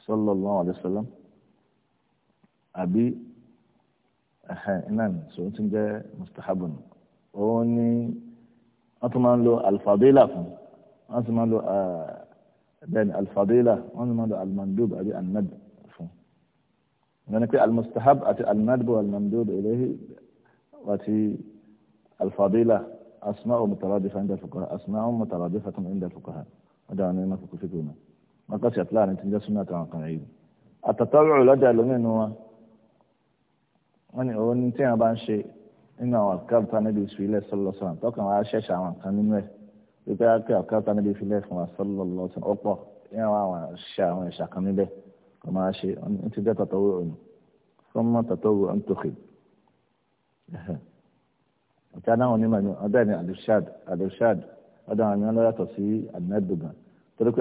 sallallahu alaihi wasallam àbí náà sòun ti jẹ́ mustahabun òun ni wọ́n tún máa ń lo alfadila fún wọ́n tún máa ń lo bẹ́ẹ̀ni alfadila wọ́n tún máa ń lo almandub àbí alnad fún wọ́n ni pé almustahab àti alnadbu almandub eléyìí àti alfadila أسماء مترادفة عند الفقهاء أسماء مترادفة عند الفقهاء هذا أنا ما فكر فيكم ما قصيت لا أنت جالس سنة عن قنعيد التطلع لدى لمن هو wọ́n ní òun tí wọ́n bá ń ṣe nínú àwọn àkàtà níbi ìfilẹ̀ sọlọ́sọ̀rọ̀ tọkàn wá ṣẹ̀ṣẹ̀ àwọn kan nínú ẹ̀ wípé àkẹ́ àkàtà níbi ìfilẹ̀ fún wa sọlọ́sọ̀rọ̀ ọ̀pọ̀ ní àwọn àwọn ṣe àwọn ẹ̀ṣà kan níbẹ̀ kò máa ṣe ní ti dẹ́ tọ̀tọ̀wé òní fún mọ́ tọ̀tọ̀wé òní tòkè ọ̀tá náà wọn ní màmí ọ̀dọ́ ni alirshad alirshad ọ̀dọ́ àwọn ènìyàn lọ́yàtọ̀ sí adinadogan torí pé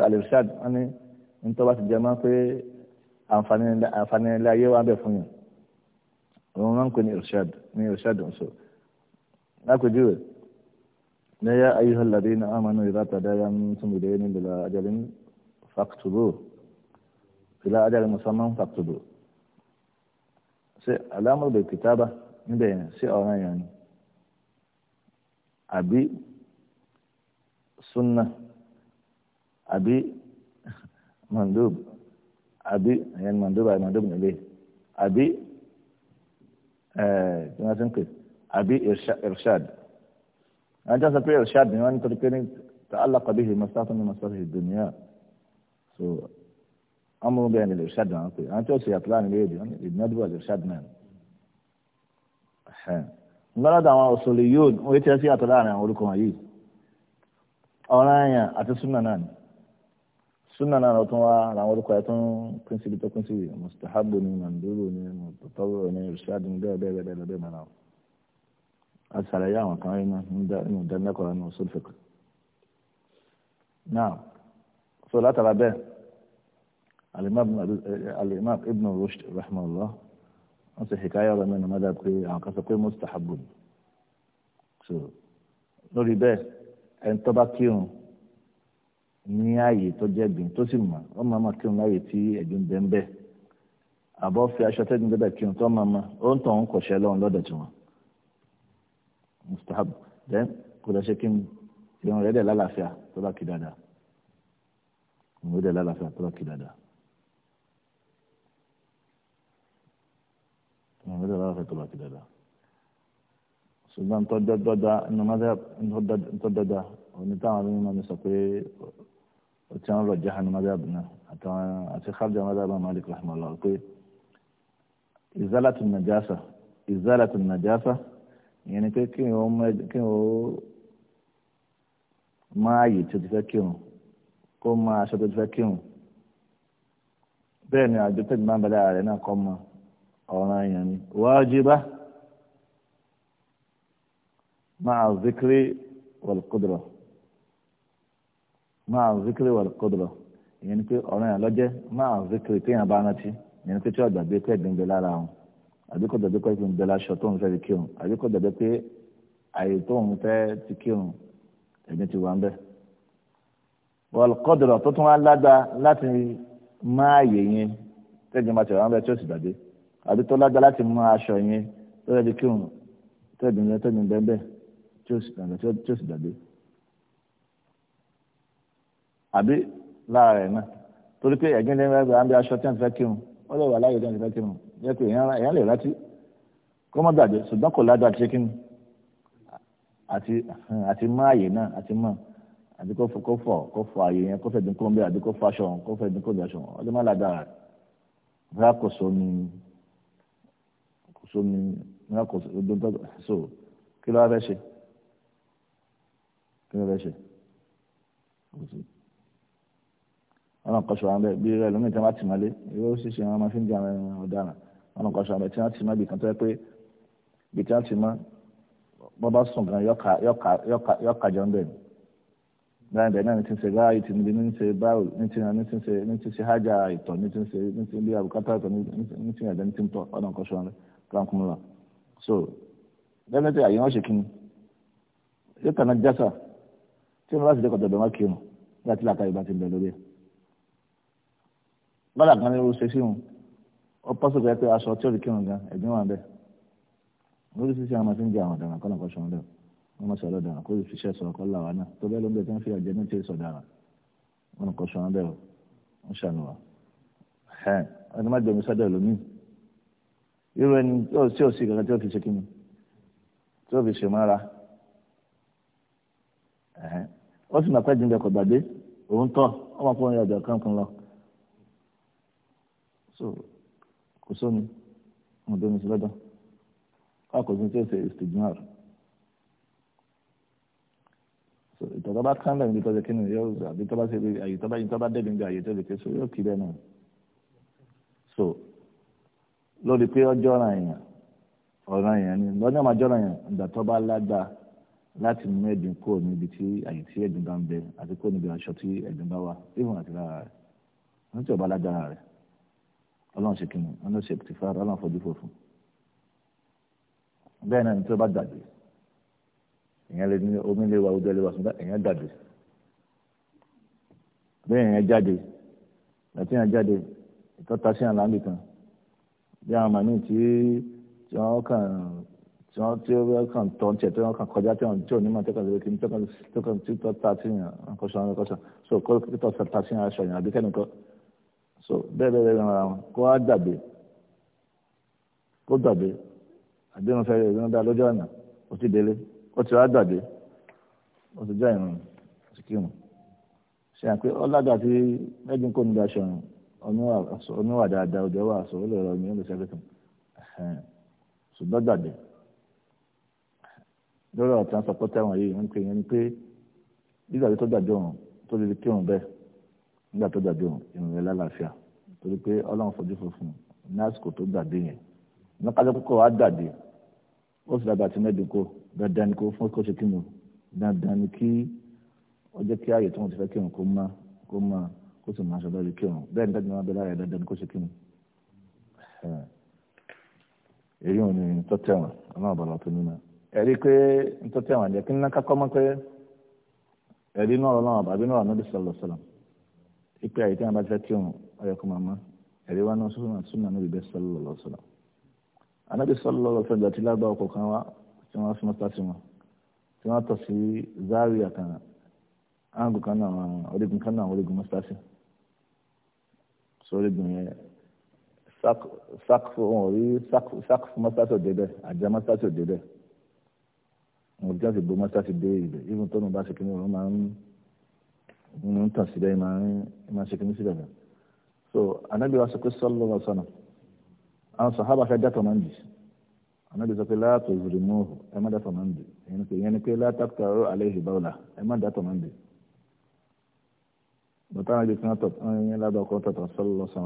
òun máa ń pè ní irshad ní irshad ń sọ lápèjúwe ní yá ayyuhal ladina amanu idha tadayantum bidaynin ila ajalin faktubu ila ajalin musamman faktubu ṣe alamul bil kitaba níbẹ̀ yẹn ṣe ọ̀ràn yẹn ni àbí sunna àbí mandub àbí ẹ̀yẹn mandub àbí mandub nílé àbí tí wọ́n ti ń pè àbí irshad wọ́n já sọ pé irshad ni wọ́n nítorí pé ní ta'allaqa bihi mọ́sáfù ní mọ́sáfù ìdùnnìyà so wọ́n mú bẹ́ẹ̀ ni irshad wọn pè àwọn tí ó ṣe yàtọ̀ láàrin léèdì wọn ìdúnàdúrà irshad náà ńlọ́dọ̀ àwọn òṣèlú yóò wọ́n ti ẹ́ sí yàtọ̀ láàrin àwọn orúkọ wọn yìí ọ̀ràn àyàn àti súnà náà ni súnà náà tún wá làwọn orúkọ ẹ̀ tún pín síbi tó pín síbi mustahabu ni manduru ni mutatawu ni irshadu ni bẹ́ẹ̀ bẹ́ẹ̀ bẹ́ẹ̀ bẹ́ẹ̀ náà a sàlàyé àwọn kan yín nínú ìdánilẹ́kọ̀ọ́ nínú sulfik náà so látara bẹ́ẹ̀ alimam ibn rushd rahmanullah wọ́n sì hikaya ọ̀rọ̀ mẹ́rin mẹ́ta pé àwọn kan sọ pé mustahabu so lórí bẹ́ẹ̀ ẹni tó bá ní ààyè tó jẹ́ gbìn tó sì mọ̀ ó máa ma kírun láàyè tí ẹ̀gbìn bẹ́ẹ̀ ń bẹ́ẹ̀ àbọ̀ fi aṣọ tẹ́gbìn bẹ́ẹ̀ kírun tó máa ma ó ń tàn ń kọ̀ṣẹ́ lọ́run lọ́dọ̀ tí wọn. mustahab then kò lọ ṣe kí ni ìrun rẹ̀ dẹ̀ lálàáfíà tó bá kí dáadáa ìrun rẹ̀ dẹ̀ lálàáfíà tó bá kí dáadáa. ìrun rẹ̀ dẹ̀ lálàáfíà tó bá kí dáadáa. ṣùgbọ́n tó dọ́dọ́dá tí wọ́n rọ̀ jahan madhab náà àtàwọn àti kharja madhab malik rahmanulah pé ìzálàtún nàjásà ìzálàtún nàjásà ìyẹn ni pé kí n ó máa yè tí o ti fẹ́ kírun kó máa aṣọ tó ti fẹ́ kírun bẹ́ẹ̀ ni àjọ tẹ́jú máa ń ààrẹ náà kọ́ mọ ọ̀ràn èèyàn ni wájibá máa zikiri wal máa zikiri wà kódùrọ̀ ìyẹn ni pé ọ̀ràn yẹn lọ́jẹ́ máa zikiri téèyàn bá rántí ìyẹn ni pé tí ọ̀gbà gbé pẹ́ẹ́gbẹ́ ń bẹ lára wọn àbíkọ̀ dàbí pé ń bẹ láṣọ tó ń fẹ́ ti kírun àbíkọ̀ dàbí pé àyè tó ń fẹ́ ti kírun ẹ̀mí ti wà ń bẹ. wọ́n kódùrọ̀ tó tún wá lágbá láti máa yè yẹn tẹ́gbẹ́ máa tẹ̀wọ́n bẹ tí ó sì dàbí àbí tó lágbá láti mú aṣọ yẹn tó fẹ́ ti kírun tẹ́gbẹ́ àbí lára rẹ̀ náà torí pé ẹ̀gbìn lẹ́yìn rẹ̀ àbí aṣọ tí wọ́n ti fẹ́ kírun ó lè wà láyé tí wọ́n ti fẹ́ kírun jẹ́ pé èèyàn lè rántí kó má gbàgbé ṣùgbọ́n kò ládùn àti ṣékínu àti àti mọ àyè náà àti mọ àti kó fọ kó fọ kó fọ àyè yẹn kó fẹ́ dín kóńbé àti kó fọ aṣọ kó fẹ́ dín kóńbé aṣọ ó lè má ládùn rẹ̀ kò so ni kò ọlọ́run kọ́ sọ̀rọ̀ bẹ́ẹ̀ bí ẹlòmíì tí wọ́n ti mọ́lé ìwé ṣíṣe wọn máa fi ń di àwọn ọ̀daràn ọlọ́run kọ́ sọ̀rọ̀ bẹ́ẹ̀ tí wọ́n ti mọ́ ibi kan tó yẹ pé ibi tí wọ́n ti mọ́ bọ́ bá sùn gan yọ́ka jọ ń bẹ̀ bẹ́ẹ̀ bẹ́ẹ̀ náà ní ti ń ṣe gáà ìtì níbi ní ṣe báwò ní ti ní ti ṣe ní ti ṣe hájà ìtọ̀ ní ti ṣe ní ti bí àbùkátà ìtọ̀ ní ti ẹ̀dẹ̀ ní ti ń tọ́ ọ̀nà kan ṣọ́ọ́rẹ́ kankan lọ. so definitely àyè wọn ṣe kí ni yóò kàn án jásà tí wọn bá sì dẹ́kọ̀tà bẹ̀rẹ̀ wọn kírun láti làkàyè bá ti lórí ẹ̀ bọ́dà kan ní irú ṣe sí òun ó pọ́sọ̀ pé aṣọ tí ò rí kírun gan ẹ̀gbìn wà bẹ́ẹ̀ lórí sísè àwọn tí ń jẹ àwọn ọ̀daràn kọ́nà kọ́ṣọ́ wọn bẹ́ẹ̀ wọ́n máa ṣe ọlọ́daràn kó ṣiṣẹ́ sọ̀rọ̀ kọ́ là wà náà tó bẹ́ẹ̀ ló ń bẹ tí wọ́n fi àjẹ ní tí sọ̀daràn wọn kọ́ṣọ́ wọn bẹ́ẹ̀ ń ṣàánú wa ẹ̀ ẹni má gbẹmí sọ́dọ̀ ẹlòmíì irú ẹni tí ò sí kankan tí ó fi ṣe kíni tí ó fi ṣe mọ́ra ó sì máa pẹ́ jù kọ̀ gbàgbé òun tọ́ ọmọkùnrin so kò sómi wọn domi sí lọ́dọ̀ káàkóso tí ó ṣe ìsìtìjúmọ́rù so ìtọ́jọ́ bá kán lẹ́yìn tó ṣe kí ni yóò zà bí tó bá ṣe àyè tó yìí tó débi níbi àyè tó ṣe kéṣe yóò kí bẹ́ẹ̀ náà so lórí pé ọjọ́ ọ̀ràn èèyàn ọ̀ràn èèyàn ni lọ́jọ́ máa jọ́ràn èèyàn ìgbà tó bá lágbàá láti mú ẹ̀dùn kó níbi tí àyè tí ẹ̀dùn bá ń bẹ àti kó níbi aṣọ tí ẹ̀dùn bá wà ìwọ̀n àti lára rẹ̀ wọ́n ti ọ̀bá lágbára rẹ̀ ọlọ́run ṣe kí ni ọlọ́run ṣe ti fara ọlọ́run fojú fò fún bẹ́ẹ̀ náà ní tí ó bá gbàgbé èèyàn lè ní omi lè wà ojú ẹ lè wà ṣùgbọ́n èèyàn gbàgbé bẹ́ẹ̀ èèyàn jáde àti èèyàn jáde ìtọ́ta sí àlá nìkan bí àwọn màmí tí tí wọ́n kàn tí wọ́n tí wọ́n kàn tọ́ tiẹ̀ tí wọ́n kàn kọjá tí wọ́n tí ò ní mọ̀ tẹ́kàn lórí kìíní tí tọ́ta sí yàn kọ́sọ̀ àwọn sí yàn aṣọ yàn àbíkẹ́nìkan so bẹ́ẹ̀ bẹ́ẹ̀ bẹ́ẹ̀ ara kó wá dàbí kó dàbí àdéhùn fẹ́ rẹ̀ ìrìnàdá lójú àná ó ti délé ó ti wá dàbí ó ti já ìrìn síkìmù ṣe hàn pé ọlága ti mẹ́gbìn kò ní bá dáadáa ọjọ́ wà sọ ó lè rọ ṣùgbọ́n nígbà tó dàbí òun ìrìn la lálàáfíà torí pé ọlọ́run fojú funfun ní àsìkò tó dàbí yẹn nípasẹ̀ kókó wa dàbí ó sì dàgbà tí mẹ́ẹ̀dín kó dandan ni kó fún kó ṣe kí ni dandan ni kí ó jẹ́ kí ààyè tó wọn ti fẹ́ kí òun kó má kó má kó sì máa ṣe lórí kí òun bẹ́ẹ̀ ni dájú máa bẹ lára ẹ̀ dandan ni kó ṣe kí èyí ò ní ọlọ́run tó nínú ẹ̀rí pé kí ní ká kọ́ mọ́ pé ẹ̀rí náà ọlọ́run náà ọ̀nà ipe àyè tí wọn bá ti fẹ́ kí òun ọ̀yọ́ kó máa mọ́ ẹ̀rí wa náà súnmọ́ súnmọ́ níbi bẹ́ẹ̀ sọ́lọ́ lọ́sọ̀lọ́ anábì sọ́lọ́ lọ́sọ̀lọ́ ìgbà tí lágbà ọkọ̀ kan wá tí wọ́n fi mọ́tà sí wọn tí wọ́n tọ̀ sí Zaria kan áńgù kan náà orígun kan náà orígun mọ́tà sí sórígun yẹn sákfù wọn rí sákfù mọ́tà sí òde bẹ́ẹ̀ àjà mọ́tà sí òde bẹ́ẹ̀ wọn ò nínú ń tàn síbẹ̀ máa ń máa ṣe kíní síbẹ̀ náà so anabi wa sọ pé sọlọ wa sọnà àwọn sọhábà fẹ́ dátọ̀ máa ń bì anabi sọ pé láàtò zùrùmùhù ẹ má dátọ̀ máa ń bì ìyẹn pé ìyẹn ni pé látàkùtà ọ̀rọ̀ alẹ́ ìbáwòlà ẹ má dátọ̀ máa ń bì bàtà anabi kan tọ̀ ẹ̀yìn ládàá ọkọ̀ tọ̀tọ̀ sọlọ wa sọnà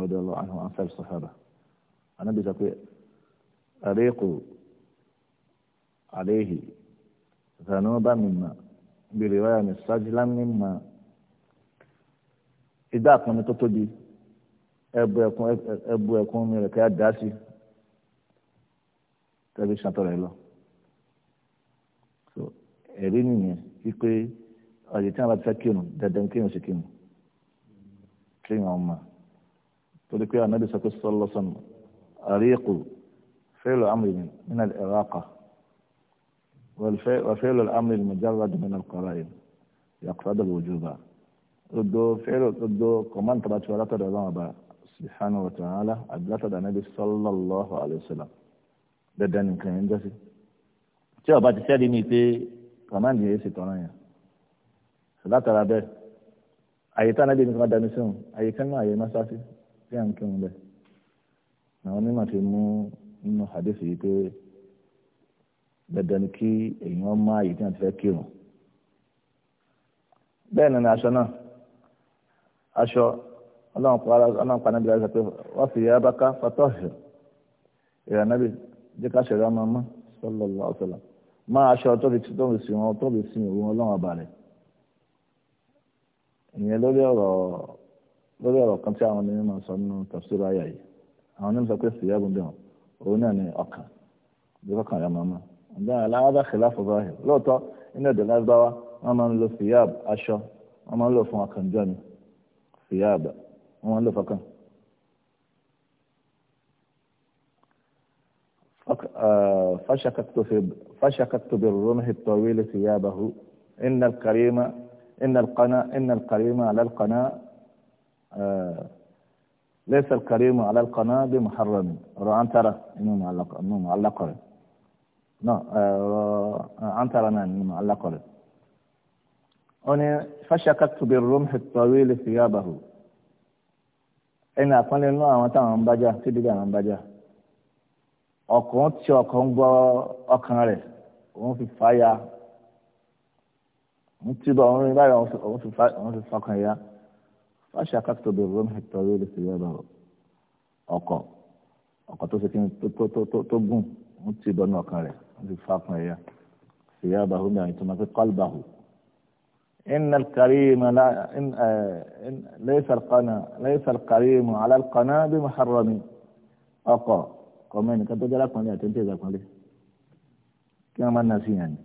igbá kan mi tó tóbi ẹbu ẹkún ẹbu ẹkún mi rẹ kẹ́ ẹ dá sí tẹ́lẹ̀ ṣàtọ̀ rẹ lọ so ẹ̀rí nìyẹn wípé ọ̀yẹ̀ tí wọn bá ti fẹ́ kírun dandan kírun sí kírun kírun ọmọ torí pé ànábì sọ pé sọlọ sọnù àríkù fẹ́lẹ̀ amúlẹ̀ mi nínú ẹ̀rọ àkà wọ́n fẹ́lẹ̀ amúlẹ̀ mi jáwé àdùnnú náà kọ́ra yìí yàtọ̀ àdàlù ojú bá odò fẹ́rẹ̀ odò kọ̀mọ́ntà bá ti wá látọ̀dọ̀ ọlọ́run ọba subhanahu wa ta'ala àbí látọ̀dọ̀ anábì sallallahu alayhi wa sallam dandan nìkan yẹn ń jọ́sí tí ọba ti sẹ́ẹ̀dì mi pé kọ̀mọ́ntì yẹn ṣe tọ́ran yẹn látara bẹ́ẹ̀ àyè tá anábì nìkan dání sóhun àyè kan náà àyè mọ́sáàsì tí à ń kírun bẹ́ẹ̀ àwọn ti mú nínú hadith yìí pé dandan ni kí èèyàn máa yìí tí wọ́n ti fẹ́ kírun bẹ́ẹ̀ nínú aṣọ náà aṣọ ọlọ́run pa anábì láti sọ pé wọ́n fi yá báká fatọ́ọ̀ṣì ìrìn anábì jẹ́ ká ṣẹ̀rọ ọmọ mọ́ sọlọ́lá ọ̀sọ̀lá máa aṣọ tó fi tó fi sìn wọn tó fi sìn òun ọlọ́run ọba rẹ̀ ìyẹn lórí ọ̀rọ̀ lórí ọ̀rọ̀ kan tí àwọn onímọ̀ sọ nínú tafsir ayà yìí àwọn onímọ̀ sọ pé fìyà bùnbẹ̀ wọn òun náà ní ọkàn bí kọ́kàn rẹ̀ máa máa ǹjẹ́ aláwọ̀dá kìlá fọwọ́ rẹ̀ lóòótọ́ inú ẹ̀dẹ̀ lágbáwá wọ́n máa ń lo fìyà aṣọ wọ́n máa ń lò fún ọkàn jọ́ni ثيابا مؤلفك آه، فشكت فشكت فشككت بالرمح الطويل ثيابه إن الكريم إن القنا إن الكريم على القناة آه، ليس الكريم على القناة بمحرم رأى أن ترى إنه معلق إنه معلق نعم آه، رأى أن ترى إنه معلق ọni fashakatu birrumhi at-tawili thiyabahu ẹni àpọ́nlé inú àwọn táwọn ń bájá tí dídí àwọn ń bájá ọkàn tí ọkàn gbọ́ ọkàn rẹ̀ òun fi fàáya òun ti bọ̀ òun rí báyìí òun fi fọkàn ya fashakatu birrumhi at-tawili thiyabahu ọkọ̀ ọkọ̀ tó ṣe kí ni tó gùn òun ti bọ̀ ní ọkàn rẹ̀ òun fi fọkàn ya thiyabahu mi àyìntúmọ̀ pé qalbahu. إن الكريم لا إن آه، ليس القناة ليس الكريم على القناة بمحرم أقا كمان كنت جالك كمان تنتهي جالك كمان كم أنا سيني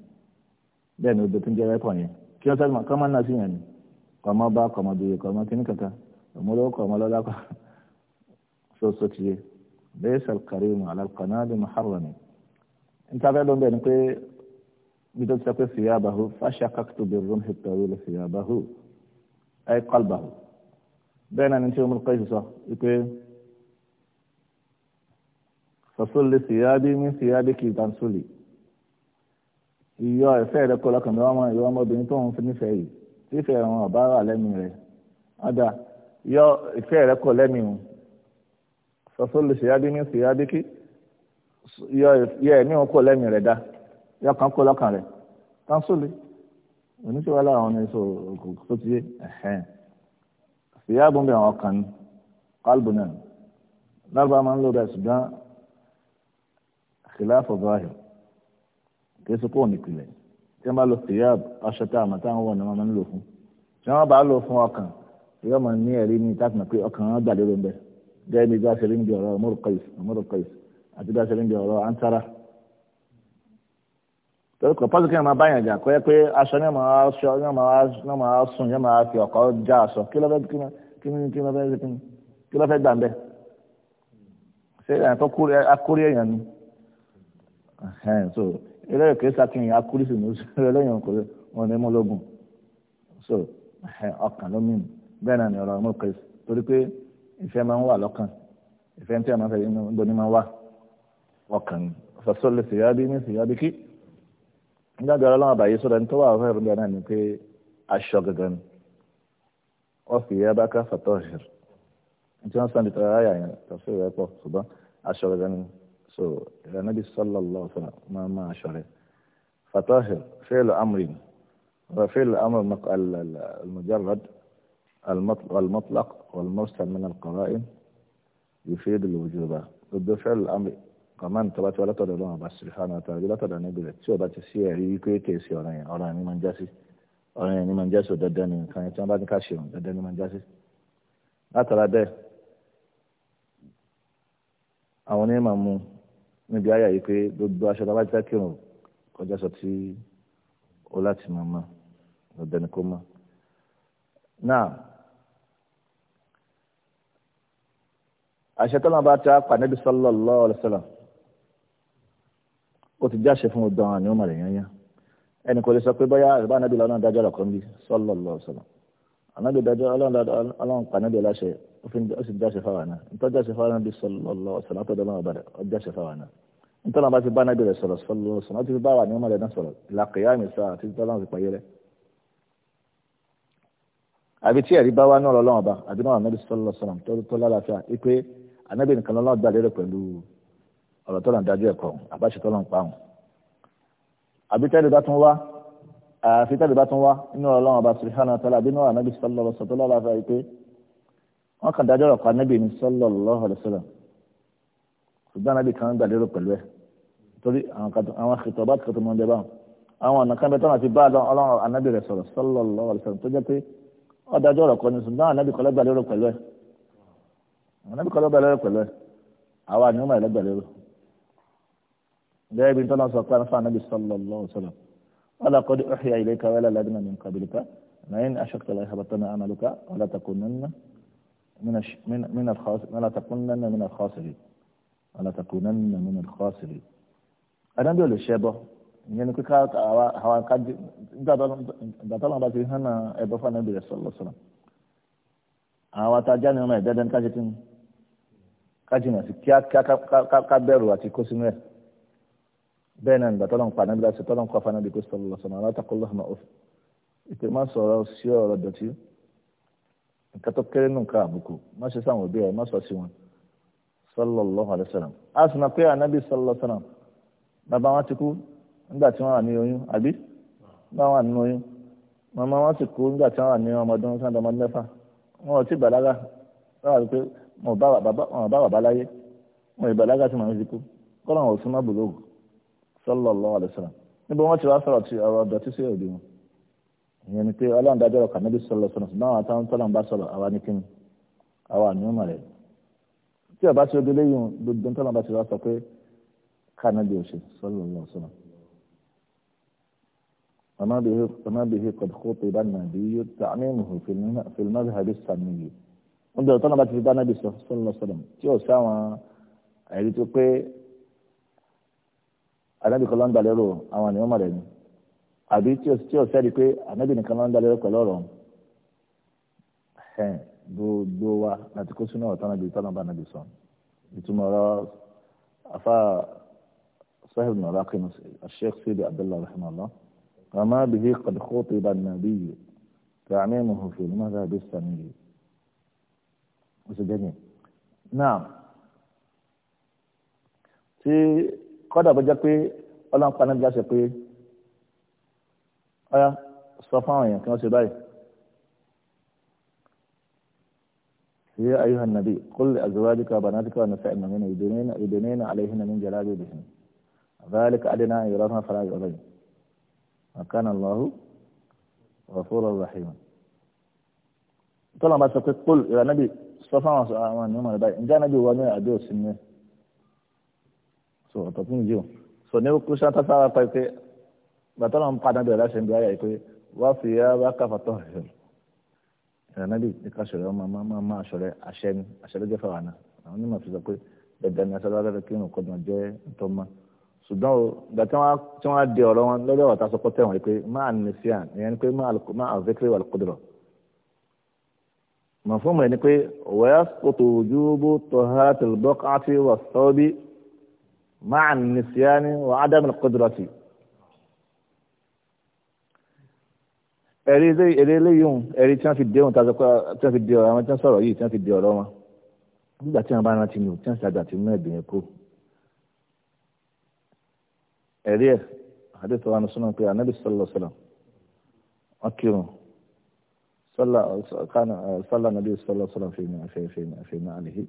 ده نود تنتهي جالك كمان يعني. كم أنا سيني كم أنا سيني كم أبا كم أبي كم أكين كتا مولو كم مولو لاك شو سوتشي ليس الكريم على القناة بمحرم bí tó ti sọ pé siyabahu fashakaktu birrumhi tawil siyabahu ay qalbahu bẹ́ẹ̀ náà ni tí Umar Qais sọ wípé fasulli siyabi min siyabiki tansuli iyọ ẹ̀fẹ́ rẹ kọ́ lọ́kàn mi wọ́n mọ ìwọ ọmọbìnrin tó ń fi nífẹ̀ẹ́ yìí tífẹ̀ẹ́ wọn ọ̀bá wà lẹ́mìí rẹ̀ ọ̀dà yọ ìfẹ́ rẹ kọ́ lẹ́mìí wọn fasulli siyabi min siyabiki yọ ẹ̀mí wọn kọ́ lẹ́mìí rẹ̀ dáa yọkàn kó lọ́kàn rẹ̀ tansoli oníṣòwò aláwọn ní so tó ti yé ẹ̀hẹ́n fìyàgùn bí àwọn kan ní kálbù náà lábàá máa ń lò bẹ́ẹ̀ ṣùgbọ́n khilafu zahir kìí sọ pé òun ìpìlẹ̀ tí wọ́n bá lo fìyàb aṣọ tá àmọ́ táwọn wọ̀ ni wọ́n máa ń lò fún tí wọ́n bá lò fún ọkàn yóò máa ní ẹ̀rí ní ìtàkùn pé ọkàn wọn gbàdúrà ń bẹ gẹ́gẹ́ bí bá ṣe rí ń bí ọ̀rọ̀ kò pọ́sù kí ẹ máa bá yàn jà kó yẹ pé aṣọ ní máa aṣọ ní máa ní máa sùn ní máa fi ọ̀kọ́ já aṣọ kí ló fẹ́ kí ni kí ló fẹ́ kí ni kí ló fẹ́ gbà ń bẹ́ ṣé ẹ̀yàn tó kúrẹ́ akúrí èèyàn ni so ilé ìkè sàkínyìn akúrí sì ní oṣù rẹ lẹ́yìn òkúrẹ́ wọn ní mú lógún so ọkàn ló mìíràn bẹ́ẹ̀ náà ni ọ̀rọ̀ ọmọ kẹ́sì torí pé ìfẹ́ máa ń wà lọ́kàn ìfẹ́ tí a máa fẹ́ ni fàṣọlẹ̀ sèyábí gbàgbé ọlọ́run àbàyè sọ̀rọ̀ ní tó wà ọ̀hún ẹ̀rọ náà ni pé aṣọ gangan wọ́n fi yá bákà fàtọ́ ṣe tí wọ́n sàǹdì tọ́ra ayà yẹn tọ́sí rẹ̀ pọ̀ ṣùgbọ́n aṣọ gangan ni so ìrànàbí sọ́lọ́lọ́ ọ̀sán máa máa aṣọ rẹ̀ fàtọ́ ṣe fẹ́ẹ̀lù amúrin وفعل الأمر المجرد المطلق والمرسل من القرائن يفيد الوجوب ضد فعل الأمر kọ̀mán tó bá ti wá látọ̀dọ̀ ọlọ́run ọba sùlùfáànù àtàrí látọ̀dọ̀ níbi rẹ̀ tí ọba ti sí ẹ̀rí wípé kìí ṣe ọ̀ràn yẹn ọ̀ràn yẹn ni máa ń jásí ọ̀ràn yẹn ni máa ń jásí ò dandan ni nǹkan yẹn tí wọ́n bá ní ká ṣeun dandan ni máa ń jásí. látara bẹ́ẹ̀ àwọn onímọ̀ mu níbi ayà yìí pé gbogbo aṣọ tó bá ti kírun kọjá sọ tí ó láti máa mọ bá ti á pa níbi sallallahu alaihi wasallam ó ti jáṣe fún ọdọ àwọn àníwọ̀n rẹ̀ yányá ẹnì kò lè sọ pé bóyá àrùbá anábìlá ọlọ́run dájọ́ ọ̀rọ̀ kan bí sallallahu alaihi wasallam anábì dájọ́ ọlọ́run pànábì ọláṣẹ ó sì jáṣe fáwọn náà nítorí jáṣe fáwọn náà bí sallallahu alaihi wasallam tó dọ́lọ́run ọba rẹ̀ ó jáṣe fáwọn náà nítorí àwọn bá ti bá anábì rẹ̀ sọ̀rọ̀ sallallahu alaihi wasallam ó ti fi bá àwọn àníwọ̀n rẹ̀ náà sọ̀rọ̀ làkèyà mi sáà àti tọ́lọ́run ti pàyẹ́rẹ́ àbí ọ̀rọ̀ tọ́lọ̀ ń dájú ẹ̀kọ́ àbáṣe tọ́lọ̀ ń pa àwọn. àbí tẹ́lẹ̀ bá tún wá àfi tẹ́lẹ̀ bá tún wá inú ọlọ́run ọba subhanahu wa àbínú ànábì sallallahu alaihi wasallam láfa yìí pé wọ́n kàn dájọ́ ọ̀rọ̀ ànábì ní sallallahu alaihi wasallam ṣùgbọ́n ànábì kan gbà lérò pẹ̀lú ẹ̀ torí àwọn àkìtọ̀ bá tìkọ̀tọ̀ mọ́ ọ́n àwọn ọ̀nà kan bẹ tọ́nà ti bá ọlọ́run ànábì rẹ̀ sọ̀rọ̀ sallallahu alaihi wasallam tó jẹ́ pé ó dájọ́ ọ̀rọ̀ kan ní ṣùgbọ́n ànábì kọ́ lẹ́gbà lérò pẹ̀lú ẹ̀ ànábì kọ́ lẹ́gbà lérò pẹ̀lú ẹ̀ àwa ni ó máa lẹ́gbà lérò bẹ́ẹ̀ bí tọ́lá sọ pé àǹfà nàbì sallallahu alaihi wasallam wàlá kọ́dí ọ̀hìyà ilé ka wàlá ládìmọ̀ mi nǹkan bìlìkà nàyìn aṣọ́kùtà láì habatana amaluka wàlá takunanna min alkhasiri wàlá takunanna min alkhasiri. adájọ́ ò lè ṣẹ́ bọ́ ìyẹn ni pé ká àwọn kájí nígbà tọ́lá bá ti hàn ẹ̀bọ fún ànábì rẹ̀ sallallahu alaihi wasallam. àwọn atajá ni wọn ẹ̀dẹ́dẹ́ kájí tí kájí náà sí kíá ká bẹ̀rù àti kó sínú ẹ̀ bẹ́ẹ̀ náà nígbà tọ́lọ́n pa anábì láti tọ́lọ́n kọ́ afanábì kó sọ lọ́sọ̀ náà látàkó lọ́hùn náà òfin ìpè má sọ̀rọ̀ sí ọ̀rọ̀ dọ̀tí nǹkan tó kéré nù ká àbùkù má ṣe sáwọn òbí rẹ̀ má sọ sí wọn sallallahu alaihi wasallam a sì máa pé anábì sallallahu alaihi wasallam bàbá wọn ti kú nígbà tí wọn wà ní oyún àbí báwọn wà nínú oyún màmá wọn ti kú nígbà tí wọn wà ní ọmọdún sáńdọ ọmọdún mẹ́fà wọn ò tí bàlágà wọn wà pé wọn ò bá bàbá láyé wọn ì bàlágà tí màmá ti kú sallallahu alaihi wasallam níbo wọn ti wá sọ̀rọ̀ ti ọ̀rọ̀ dọ̀tí sí òde wọn ìyẹn ni pé ọlọ́run dájọ́ ọ̀rọ̀ kànábí sọ̀rọ̀ sọ̀rọ̀ sọ̀rọ̀ náà àtàwọn tọ́lọ̀ ń bá sọ̀rọ̀ àwa ní kíni àwa ní ọmọ rẹ̀ tí ọba ti odele yìí gbogbo tọ́lọ̀ bá ti wá sọ pé kànábí òṣè sọ̀rọ̀ lọ́wọ́ sọ̀rọ̀ ọmọ bìí kọ̀ kó pé bá nà bí yóò ta ní ìmùhù fìlímọ́sì hàbí sàmì yìí wọ́n bẹ̀rẹ̀ tọ́lọ̀ bá ti fi bá anábì kan ló ń dalẹ̀ rò àwọn àníwọ́n mọ̀ rẹ̀ ni àbí tí ó sẹ́ni pé anábì nìkan ló ń dalẹ̀ rò pẹ̀lú ọ̀rọ̀ ẹ̀hìn gbogbo wa láti kó sínú ọ̀tá náà bí tọ́lá bá nàbì sọ ìtumọ̀ ọ̀rọ̀ afa sahib nara kinu sheikh sidi abdullahi rahimahullah وما به قد خطب النبي تعميمه في المذهب السني وسجنين نعم في kọ́dà bó jẹ́ pé ọlọ́run pa náà jáṣe pé ọ̀yá sọ fún àwọn èèyàn kí wọ́n ṣe báyìí. يا أيها النبي قل لأزواجك وبناتك ونساء المؤمنين يدنين يدنين عليهن من جلابيبهن ذلك أدنى أن يرافن فلا يؤذين وكان الله غفورا رحيما tọ́lá bá sọ pé kúl ìrànàbì sọ fáwọn àwọn ènìyàn rẹ̀ báyìí ǹjẹ́ ànábì so ọ̀tọ̀ fún yìí o so ní kú sátá sára pa pé bàtà náà ń padà bẹ̀rẹ̀ láṣẹ ìgbà yà pé wá fi yá wá káfa tó ọ̀rẹ́ rẹ̀ ìrànlẹ́ bí ní ká ṣọ̀rẹ́ ọmọ máa máa ṣọ̀rẹ́ àṣẹ ni àṣẹ ló jẹ́ fẹ́ wà náà àwọn onímọ̀ fi sọ pé dandan ni aṣọ alábẹ́rẹ́ kí irun kọ́dùn jẹ́ ntọ́ ma ṣùgbọ́n o ìgbà tí wọ́n di ọ̀rọ̀ wọn lórí ọ̀rọ̀ sọ pé tẹ̀wọ̀n pé máa ní sí à ìyẹn ni pé máa àvékèrè wà lókòdùrọ̀ mọ̀fún mi ni pé wẹ́ẹ́ sọ̀tò ojú bó tọ́ ha tẹ̀lé bọ́kátì wà sọ́ọ́bí مع النسيان وعدم القدرة ẹ̀rí eré eléyìí ẹ̀rí tí wọ́n fi dé ohun tí wọ́n fi dé ọ̀rọ̀ àwọn tí wọ́n sọ̀rọ̀ yìí tí wọ́n fi dé ọ̀rọ̀ wọn nígbà tí wọ́n bá rántí nù tí wọ́n ṣàgbà tí mú ẹ̀dùn yẹn kú. ẹ̀rí ẹ̀ àdètò wa ní súnmọ́ pé anábì sọ́lọ̀ sọ́lọ̀ wọ́n kírun sọ́lá nàbí sọ́lọ̀ sọ́lọ̀ fèmí àfẹ́fẹ́ àlèyé.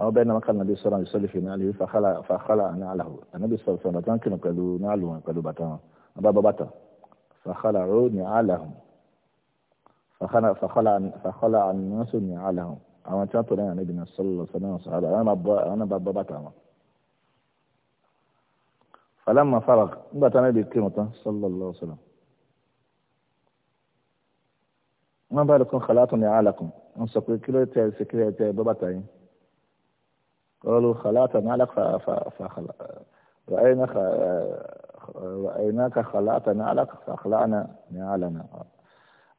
أو بينما كان النبي صلى الله عليه وسلم يصلي في نعله فخلع فخلع نعله النبي صلى الله عليه وسلم كان قالوا نعله قالوا بطن بابا بطن فخلعوا نعلهم فخلع فخلع فخلع الناس نعلهم أما تنطر يعني النبي صلى الله عليه وسلم أنا بابا أنا بابا بطن فلما فرغ بطن النبي كلمة صلى الله عليه وسلم ما بالكم خلعتم نعالكم أنسوا كل تي سكري بابا تاين قالوا خلعت نعلك رأينا رأيناك خلعت نعلك فخلعنا نعلنا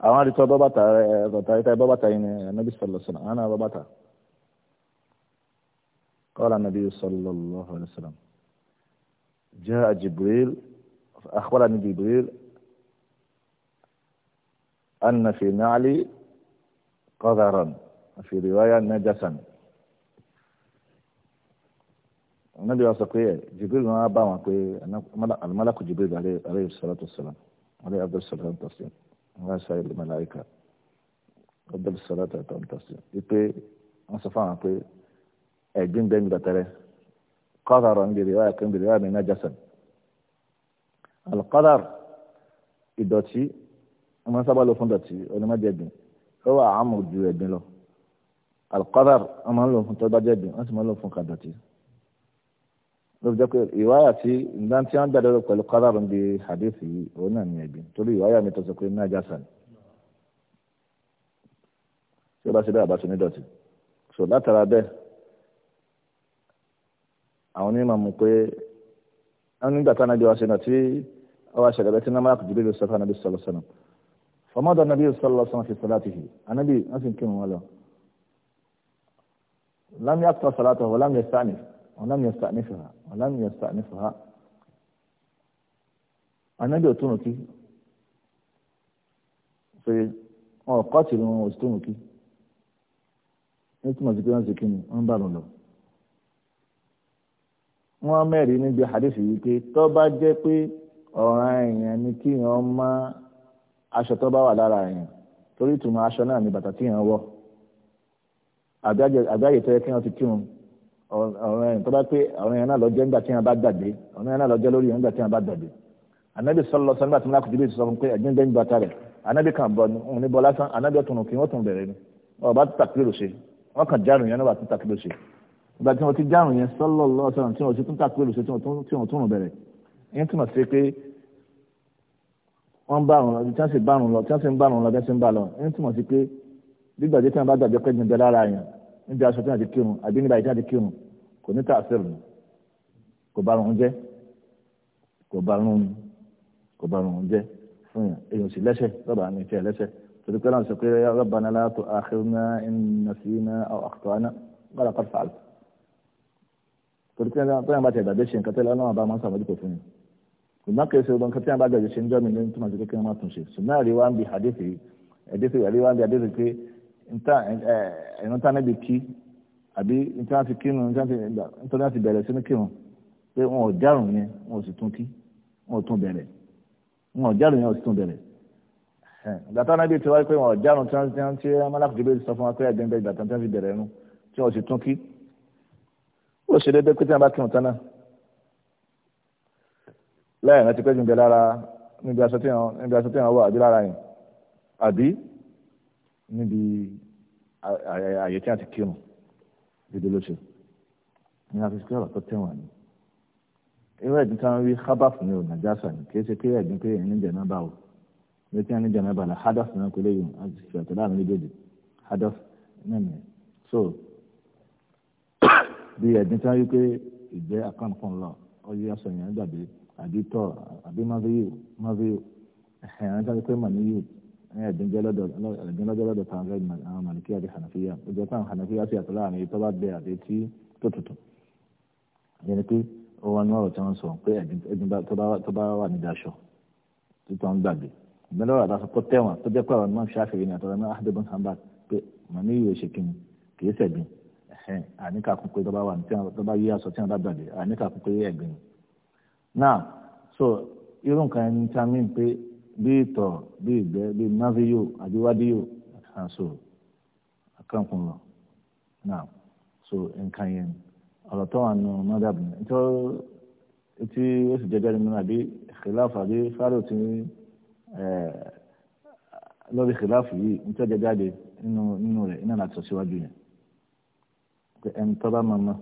أمرت بابتا بابا بابتا يعني النبي صلى الله عليه وسلم أنا بابتا قال النبي صلى الله عليه وسلم جاء جبريل أخبرني جبريل أن في نعلي قذرا في رواية نجسا anabi wa sọ pé jibril wọn bá wọn pé alimalaku jibril aleyhi salatu salam aleyhi abdul salam tasim wọn sọ ilé malayika abdul salam tasim ipe wọn sọ fáwọn pé ẹgbin bẹ́ẹ̀ mi bàtẹ́rẹ́ kọ́dàrọ̀ ń bèrè wáyà kan bèrè wáyà mi najasan alqadar ìdọ̀tí wọn sábà lọ fún dọ̀tí onímọ̀jẹ̀gbin ó wà àmọ̀ ju ẹ̀gbin lọ alqadar wọn máa ń lò fún tọ́gbàjẹ̀gbin wọn sì máa ń lò fún kàdọ̀tí ló fi jẹ́ pé ìwáyà tí nǹkan tí wọ́n dàdúró pẹ̀lú kádàrún di hadith yìí òun náà ní ẹ̀bí torí ìwáyà mi tó sọ pé nájàsà ni tí ó bá ṣe bẹ́ẹ̀ àbáṣe onídọ̀tí so látara bẹ́ẹ̀ àwọn onímọ̀ mú pé wọ́n nígbà tí anábì wa ṣe náà tí ó wá ṣẹlẹ̀ bẹ́ẹ̀ tí námàlá kùjú bíbélì sọ́kà anábì sọ́lọ́ sọ́nà fọmọ́dọ̀ anábì sọ́lọ́ sọ́nà fi sọ́lá hì anábì wọ́n sì ń kírun wọn lọ lámì tó wọ́n ولم يستأنفها ولم يستأنفها النبي أتونكي في أو قاتل وأتونكي nítumọ̀ sí pé wọ́n ṣe kí ni wọ́n bá lọ lọ. wọ́n mẹ́rin níbi àdéhùn yìí pé tó bá pé ọ̀ràn èèyàn ni kí èèyàn má aṣọ tó bá wà lára èèyàn torí ìtumọ̀ aṣọ náà ni bàtà tí èèyàn wọ̀ àbí àyè tó yẹ kí wọ́n ti kírun ọ̀rọ̀ yẹn tó bá pé ọ̀rọ̀ yẹn náà lọ́jọ́ nígbà tí wọ́n bá gbàgbé ọ̀rọ̀ yẹn náà lọ́jọ́ lórí yẹn nígbà tí wọ́n bá gbàgbé anabi sọlọ sọ nígbà tí wọn kùtù bí sọ pé ẹ̀jẹ̀ ń dẹ́yìn bàtà rẹ̀ anabi kan bọ̀ ní òun ní bọ́ lásán anabi ọ̀tún kí wọ́n tún bẹ̀rẹ̀ ni wọn bá tàkìlò ṣe wọn kàn járùn yẹn nígbà tí tàkìlò ṣe nígbà tí wọn ti járùn yẹn sọlọ lọ́sọ̀rọ̀ tí wọn ti tún tàkìlò ṣe tí wọn tún bẹ̀rẹ̀ yẹn túmọ̀ sí pé wọ́n bá àrùn lọ tí wọ́n sì bá àrùn lọ tí wọ́n sì ń bá àrùn lọ níbi aṣọ tí wọ́n ti kírun àbí níbi àyíká ti kírun kò ní tààsìrì nù kò bá rún jẹ́ kò bá rún kò bá rún jẹ́ fún yàn èèyàn sì lẹ́sẹ̀ lọ́ba àmì ìfẹ́ lẹ́sẹ̀ torí pé láwọn sọ pé rabbana la tu'akhidhna in nasina aw akhta'na wa laqad fa'alna torí pé wọ́n bá ti ẹ̀dá bẹ́ẹ̀ ṣe nǹkan tẹ́lẹ̀ ọlọ́run àbá sàmójútó fún yàn ṣùgbọ́n kì í ṣe ọdún kan ṣe ń jọ́ mi ní túmọ̀ ẹ̀rọ tá níbi kí àbí nítorí àti kírun nítorí àti bẹ̀rẹ̀ sínú kírun pé wọn ò járùn yẹn wọn ò sì tún kí wọn ò tún bẹ̀rẹ̀ wọn ò járùn yẹn ò sì tún bẹ̀rẹ̀ gbàtà náà bíi tiwa pé wọn ò járùn tí wọn ti amálákùnjẹ bẹ́ẹ̀ sọ fún wa pé ẹ̀gbẹ́n bẹ́ẹ̀ gbàtà tí wọn fi bẹ̀rẹ̀ nu tí wọn ò sì tún kí ó ṣe déédéé pé tí wọn bá kírun náà lẹ́yìn láti pẹ́ jù ń bẹ lára níbi aṣọ tí wọn wà níbi àyè tí a ti kírun dídí lóṣù ní a fi kí ọ̀rọ̀ tó tẹ̀wọ̀n ni irú ẹ̀dín kan rí habaf ní o nàjásà ni kì í ṣe pé ẹ̀dín pé ẹ̀yìn níjà náà bá o bí kí ẹ̀yìn níjà náà bá la hadaf náà kò léyìn a ti ṣètò láàrin méjèèjì hadaf náà nìyẹn so bí ẹ̀dín kan rí pé ìgbẹ́ akọ́nùkọ́n lọ ọyẹ aṣọ yẹn gbàgbé àbí tọ́ àbí má fi yìí má fi yìí ẹ̀hìn ẹ̀yìn kan rí pé mà ní yìí ẹ̀dínjẹ́ lọ́dọ̀ tàwọn àwọn màlìkí àti hànàfíà ó jẹ́ pàwọn hànàfíà sì àtọ́lá àmì tó bá bẹ àti tí tó tutù yẹn pé ó wà ní ọ̀rọ̀ tí wọ́n sọ pé ẹ̀dín tó bá wà ní daṣọ títọ́ ń gbàgbé ìgbẹ́lẹ́ ọ̀rọ̀ àdásọ tó tẹ̀wọ̀n tó jẹ́ pé àwọn imam ṣáfìrí ni àtọ́lá náà ahmed bin hanbal pé màmí yìí ò ṣe kí ni kì í ṣẹ̀gbìn ẹ̀hẹ́n àníkà kún pé tó bá wà ní tó bá yí aṣọ tí wọ́n bá gbàgbé àníkà kún pé ẹ̀gbìn náà so irú nǹkan ẹni tí bíi ìtọ̀ bíi ìgbẹ́ bíi náfíyò àbí wádìyò àti so akẹ́kọ̀ọ́ lọ náà so nǹkan yẹn ọ̀rọ̀ tó wà nù mọ́dàbí tó tí ó sì jẹjẹ́ nínú àbí ìkìláàfù àbí fáàrọ̀ tí lórí ìkìláàfù yìí ń tẹ́jẹ́ jáde nínú nínú rẹ̀ iná láti sọ síwájú yẹn pé ẹni tó bá máa ma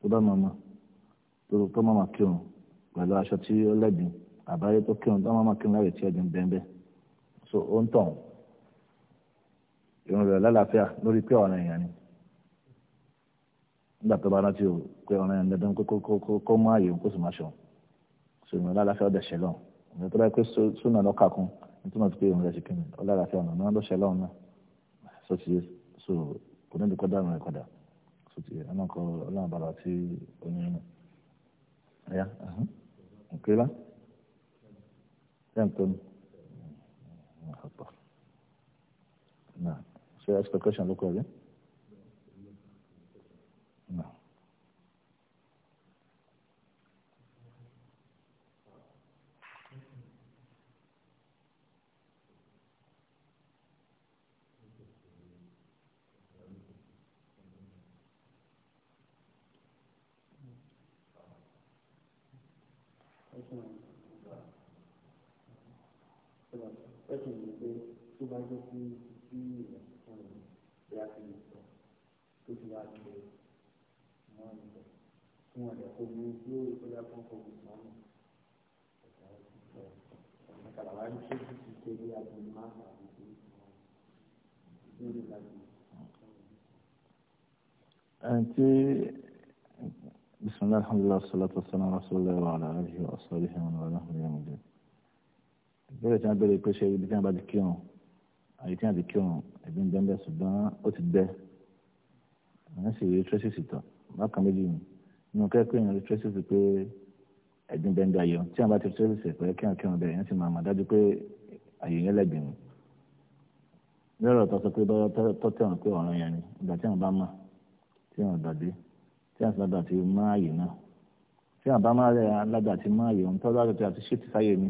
tó bá máa ma tó máa ma kírun pẹ̀lú aṣọ tí ó lẹ́gbìn àbáyé tó kírun tó máa kírun láyè tí ẹ̀jẹ̀ ń bẹ́ẹ̀ so ó ń tàn ìrun rẹ̀ lálàáfíà lórí pé ọ̀ràn èèyàn ni nígbà tó bá rántí o pé ọ̀ràn èèyàn dandan kó kó kó mú ààyè kó sì má ṣọ so ìrun lálàáfíà ọ̀dẹ̀ ṣẹlọ̀ ìrun tó bá pé súnà lọ́kà kún nítorí pé ìrun rẹ̀ ti kí ni ó lálàáfíà ọ̀nà náà ló ṣẹlọ̀ náà so ti so kò ní ìdíkọ́ dáhùn rẹ̀ padà so ti ọlọ́run kọ́ ọlọ́run bàbá tí ó ní ẹ̀yà nkílá. فهمتم؟ نعم شيء أشكر كشن لكم ẹnití bisimilahi alhamdulilayi salatu wasalaamu rasulilayi wa ala alihi wa ashabihi wa ala alihi wa mujib ìbéèrè tí wọn béèrè pé ṣe ibi tí wọn bá ti kírun àyè tí wọn ti kírun ẹbí ń dẹ́ńbẹ́ ṣùgbọ́n ó ti dẹ́ wọn sì rí tracy sìtọ̀ bákan méjì yìí inú kẹ́kọ̀ọ́ èèyàn lè tracy sí pé ẹ̀gbìn bẹ́ẹ̀ ń da yọ tí wọ́n bá ti tracy sí pé kí wọ́n kí wọ́n bẹ̀rẹ̀ yẹn sì máa mọ̀ dájú pé àyè yẹn lẹ́gbìn ni lọ́rọ̀ tó sọ pé bọ́lá tó tẹ̀wọ̀n pé ọ̀ràn yẹn ni ìgbà tí wọ́n bá mọ̀ tí wọ́n gbàgbé tí wọ́n sábà ti má àyè náà tí wọ́n bá má lágbà ti má àyè òun tó bá tètè àti ṣíìtì sáyè mi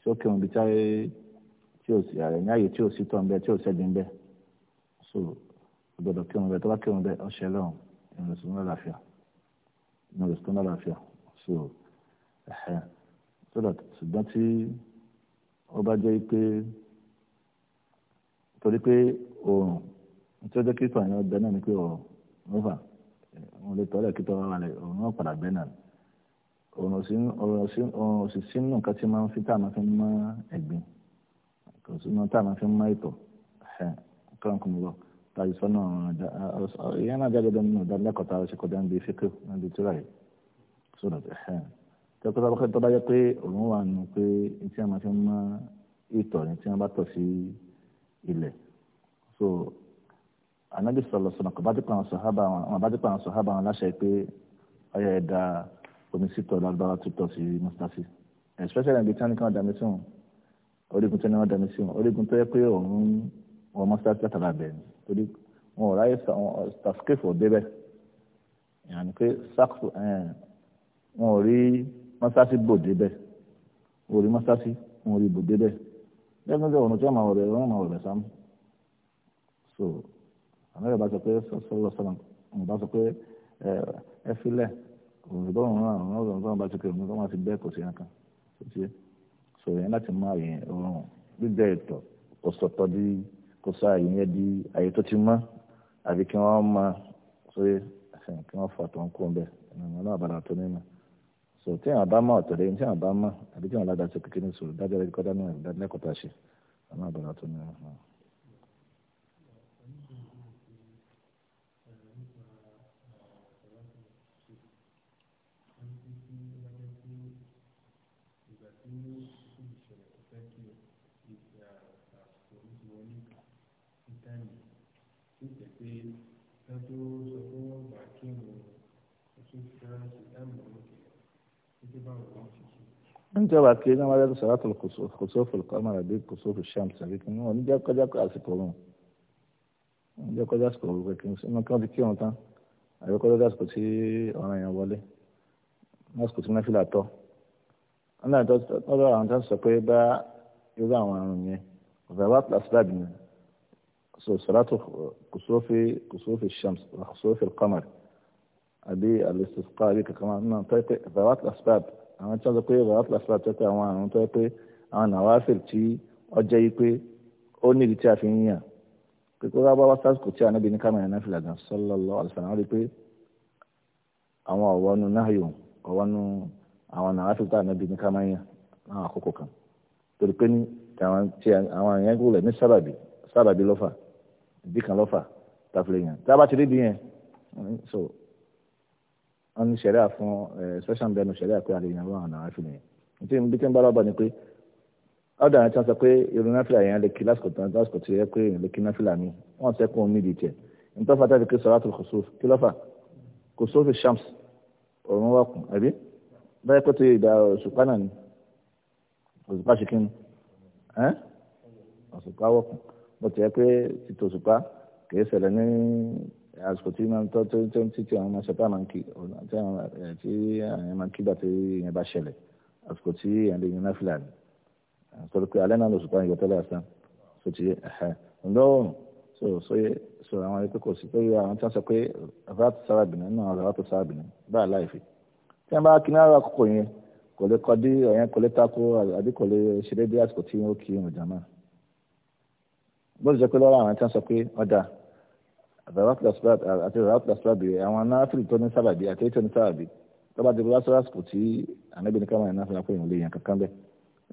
tí ó àyè tí ó sì tí ó sẹ́gbìn bẹ́ẹ̀ so gbọ́dọ̀ kéwọn inú rẹ̀ tó ń lálàáfíà so ẹ̀hẹ́ so that ṣùgbọ́n tí ó bá jẹ́ pé torí pé oòrùn tí ó jẹ́ kí pààyàn ọbẹ̀ náà ni pé ọ̀run fà wọn lè tọ́lẹ̀ kí tọ́wọ́ rẹ̀ òun náà padà bẹ́ náà òun òsì sínú nǹkan tí máa ń fi tá a máa fi mọ ẹ̀gbin kò sínú tá a máa fi mọ ìtọ̀ ẹ̀hẹ́ kọ́ńkùn lọ tàbí sọ́nà ìyẹn náà jáde dánú náà dánilẹ́kọ̀ọ́ tá a ṣe kọjá ń bi fíkú ń bi tíra yìí so that ẹ̀hẹ́n tẹ́kọ̀ọ́ sábà tó bá yẹ pé òun wà nù pé tí a máa fi mọ ìtọ̀ ni tí wọ́n bá tọ̀ sí ilẹ̀ so anabi sọ̀rọ̀ sọ̀rọ̀ kò bá dípò àwọn sọ̀hábà wọn bá dípò àwọn sọ̀hábà wọn láṣẹ pé ọyọ ẹ̀dá omi sítọ̀ lágbára títọ̀ sí mustasi especially ibi tí wọ́n ní kí wọ́n dàmí sí wọn orígun tí wọ́n dàmí wọn mọ́sálásí látara bẹ́ẹ̀ ni torí wọn ò ráyè tàskífù débẹ̀ yàrá pé sáàkù wọn ò rí mọ́sálásí bò débẹ̀ wọn ò rí mọ́sálásí wọn ò rí bò débẹ̀ lẹ́nu tí ọ̀run tí wọ́n máa wọ̀rẹ̀ wọ́n máa wọ̀rẹ̀ sámú so àmọ́ ìbá sọ pé sọ́lọ́ sọ́lọ́ ìbá sọ pé ẹ filẹ̀ òun tó ń rán àwọn ọ̀rọ̀ tó ń bá ti kiri òun tó máa ti bẹ́ẹ̀ kò sí nǹkan tó ti sọ̀rọ̀ yẹn láti máa yẹn ọ̀run gbígbẹ́ ìtọ̀ kò sọ̀tọ̀ kó sọ àyè yẹn di àyè tó ti mọ́ àbí kí wọ́n máa ṣe kí wọ́n fà tó ń kó bẹ́ẹ̀ ìrànwọ́ náà bàrà tó nínú so tí àwọn bá mọ̀ ọ̀tọ̀ lẹ́yìn tí àwọn bá mọ̀ àbí tí àwọn ládàá ṣe kékeré sọ̀rọ̀ dájọ́ rẹ̀ kọ́dá náà lẹ́kọ̀ọ́ tá a ṣe àwọn àbàrà tó nínú. pé ká tó sọ pé wọ́n gbà kí wọ́n tún fi rárá sí táìmù lókè títí báwọn kan ti kí. Níjẹ́ wà kí iná wájú sọ̀rọ̀ àtọ̀lù kò sófò kọ́mọ̀rà bí kò sófò ṣàmùsì àbí kí wọ́n níjẹ́ kọjá àsìkò ọ̀run. Níjẹ́ kọjá àsìkò ọ̀run pé kí wọ́n ti kí wọn tán àbí kọjá àsìkò tí ọ̀ràn yẹn wọlé. Lásìkò tí wọ́n fi tọ́. Wọ́n náà tọ́jú àwọn tó ń sọ pé bá irú àwọn àrùn yẹn. Ọ̀gá wa pàṣẹ so salatu kusufi kusufi shams wa kusufi alqamar àbí al-istisqa àbí kankan máa náà tó yẹ pé zawat al-asbab àwọn tí wọ́n sọ pé zawat al-asbab tó yẹ pé àwọn àwọn tó yẹ pé àwọn nawafil tí ọjọ́ yìí pé ó nídìí tí a fi ń yàn pé kó bá wá sásìkò tí Ànábì ní kámẹ́rà náà fìlà gan sallallahu alaihi wasallam rí pé àwọn ọ̀wọ́nu náàyò ọ̀wọ́nu àwọn nawafil tó Ànábì ní kámẹ́rà yàn láwọn àkókò kan torí pé ní àwọn yẹn gbọ́dọ̀ ní sábàbí sábàbí ló fà á ìdí kan lọ́fà táfìlẹ̀ yẹn tá a bá ti rí bí yẹn so wọ́n ní sẹ̀ríà fún ẹ̀ special bẹ́ẹ̀nu sẹ̀ríà pé àlè yẹn wọ́n àná àfin yẹn nítorí ibi tí ń bá lọ́ba ni pé ọ̀dà àti wọn sọ pé irun náfìlà yẹn lè kí lásìkò tán lásìkò tí yẹ pé lè kí náfìlà mi wọ́n sẹ́kùn omi ìdìtẹ̀ ntọ́fà tàbí kí sọ̀rọ̀ àtúrò kòsófù kí lọ́fà kòsófù shams òun wà kùn àbí báyẹ̀ pé tó yẹ ìdá òṣùpá náà ni òṣùpá ṣe kí ni òṣùpá wọ̀ kùn mo tẹ̀ pé tìtòṣùpá kìí ṣẹlẹ̀ ní àsìkò tí máa ń tọ́ tó tó ń títí àwọn máa ṣẹpá máa ń kí tí àwọn èèyàn máa ń kí bàtí ìyẹn bá ṣẹlẹ̀ àsìkò tí èèyàn lè yan náfìlà ni àtọ́lù pé alẹ́ náà lòṣùpá ìyọ̀ tẹ́lẹ̀ àṣán so ti ẹ̀hẹ́ ǹdọ́rùn so sóye so àwọn ẹgbẹ́ kò sí lórí àwọn tí wọ́n sọ pé ọ̀fà tó sára bìnrin náà ọ̀rọ̀ tó sára bìnrin báà láìfi tí wọ́n bá kí náírà àkókò yẹn kò lè kọ́ dí ọ̀yẹn kò lè tako àbí kò lè ṣe déédéé àsìkò tí wọ́n kí ìrìn jàmáà bó ti jẹ́ pé lọ́wọ́ àwọn tí wọ́n sọ pé ọ̀dà àti ràpùlàsílàbì àwọn anáfíìlì tó ní sábàbí àti èyí tó ní sábàbí tó bá ti bá sọ́rọ́ àsìkò tí ànábìnrin káwọn ẹ̀ náfìlà pé ìrìnlẹ̀ yẹn kankan bẹ́ẹ̀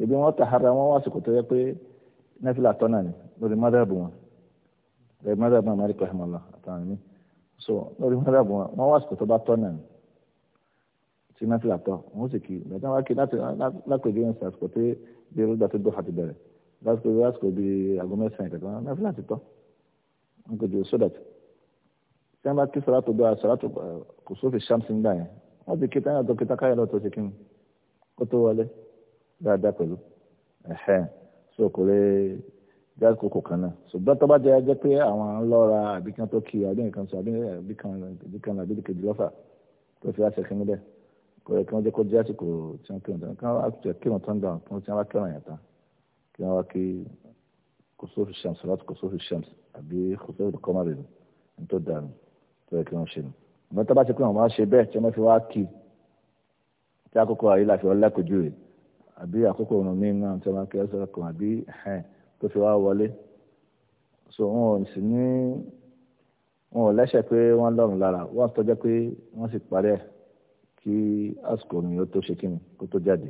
ibi wọn tà hara wọn wá àsìkò tó yẹ pé náfìlà tọ́nà ni lórí mọ́dàbù wọn lórí mọ́dàbù wọn mẹ́rin pẹ̀lú ọ̀la àtàwọn mi so lórí mọ́dàbù wọn wọn wá àsìkò tó bá tọ́nà ni tí náfìlà tọ́ wọn ó sì kí lásìkò lásìkò bíi aago mẹ́sàn-án ìkẹ̀kọ́ náà fúlàtì tọ́ n kò jù sódà tí wọ́n bá kí sọ́dà tó gba sọ́dà tó eh, kò sófin ṣáàmùsì ń gbà yẹn wọ́n ti kí táyà tó kí táyà náà tó ṣe kí ni kó tó wọlé dáadáa pẹ̀lú ẹ̀hẹ́n so kò lè jáde kókò kan náà ṣùgbọ́n tó bá jẹ́ ẹjẹ́ pé àwọn ń lọ́ra àbí kan tó kí àbí nǹkan sọ àbí kan àbí kejì lọ́fà tó fi wá ṣe kí ni bẹ́ẹ̀ kò yẹ kí wọ́n jẹ́ kó jẹ́ àsìkò tí wọ́n kírun tán kí wọ́n kírun tán gbà wọ́n tí wọ́n bá kírun yẹn tán kí wọ́n wá kí kòsófì shams láti kòsófì shams àbí kòsófì kọ́márì ní tó dànù tó yẹ kí wọ́n ṣe nù. àmọ́ tó bá ṣe pé wọ́n máa ṣe bẹ́ẹ̀ tí wọ́n fi wá kì í tí àkókò ayé la fi wọ́n lẹ́kọ̀ọ́jú rẹ̀ àbí àkókò ọ̀run míì náà tí wọ́n kí ẹ sọ̀rọ̀ kan àbí tó fi wá wọlé. so wọn ò sì ní wọn ò lẹ́sẹ̀ pé wọ́n lọ́rùn lára wọ́n tọ́jọ́ pé wọ́n sì parẹ́ kí àsìkò òun yóò tó ṣe kí ni kó tó jáde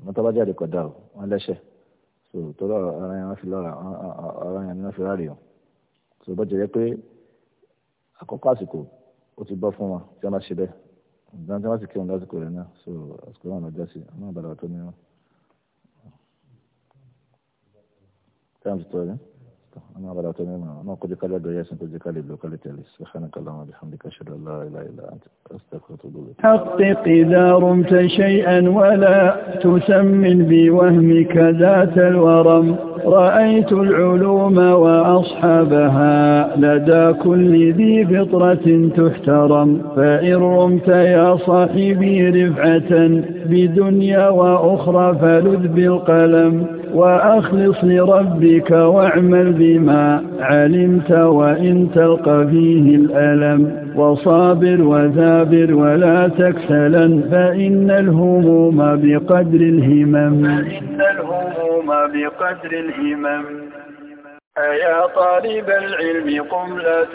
àmọ́ tó bá jáde kódà o wọ́n lẹ́sẹ̀ so tọ́lọ́ ara yẹn wọ́n fi lọ́ra ara yẹn wọ́n fi ráre o so bó jẹ́ pé àkọ́kọ́ àsìkò ó ti bọ́ fún wa tí wọ́n bá ṣe bẹ́ẹ̀ ìdáná tí wọ́n sì kírun lásìkò rẹ̀ náà so àsìkò náà lọ́jọ́ sí àwọn àbàdàn tó ní wọn. أنا على تماما أنا قد قال له ياسين قد قال له قال لي سبحانك اللهم وبحمدك أشهد أن لا إله إلا أنت أستغفرك وأتوب حقق إذا رمت شيئا ولا تسمن بوهمك ذات الورم رأيت العلوم وأصحابها لدى كل ذي فطرة تحترم فإن رمت يا صاحبي رفعة بدنيا وأخرى فلذ بالقلم وأخلص لربك واعمل بما علمت وإن تلقى فيه الألم وصابر وذابر ولا تكسلا فإن الهموم بقدر الهمم فإن الهموم بقدر الهمم أيا طالب العلم قم لا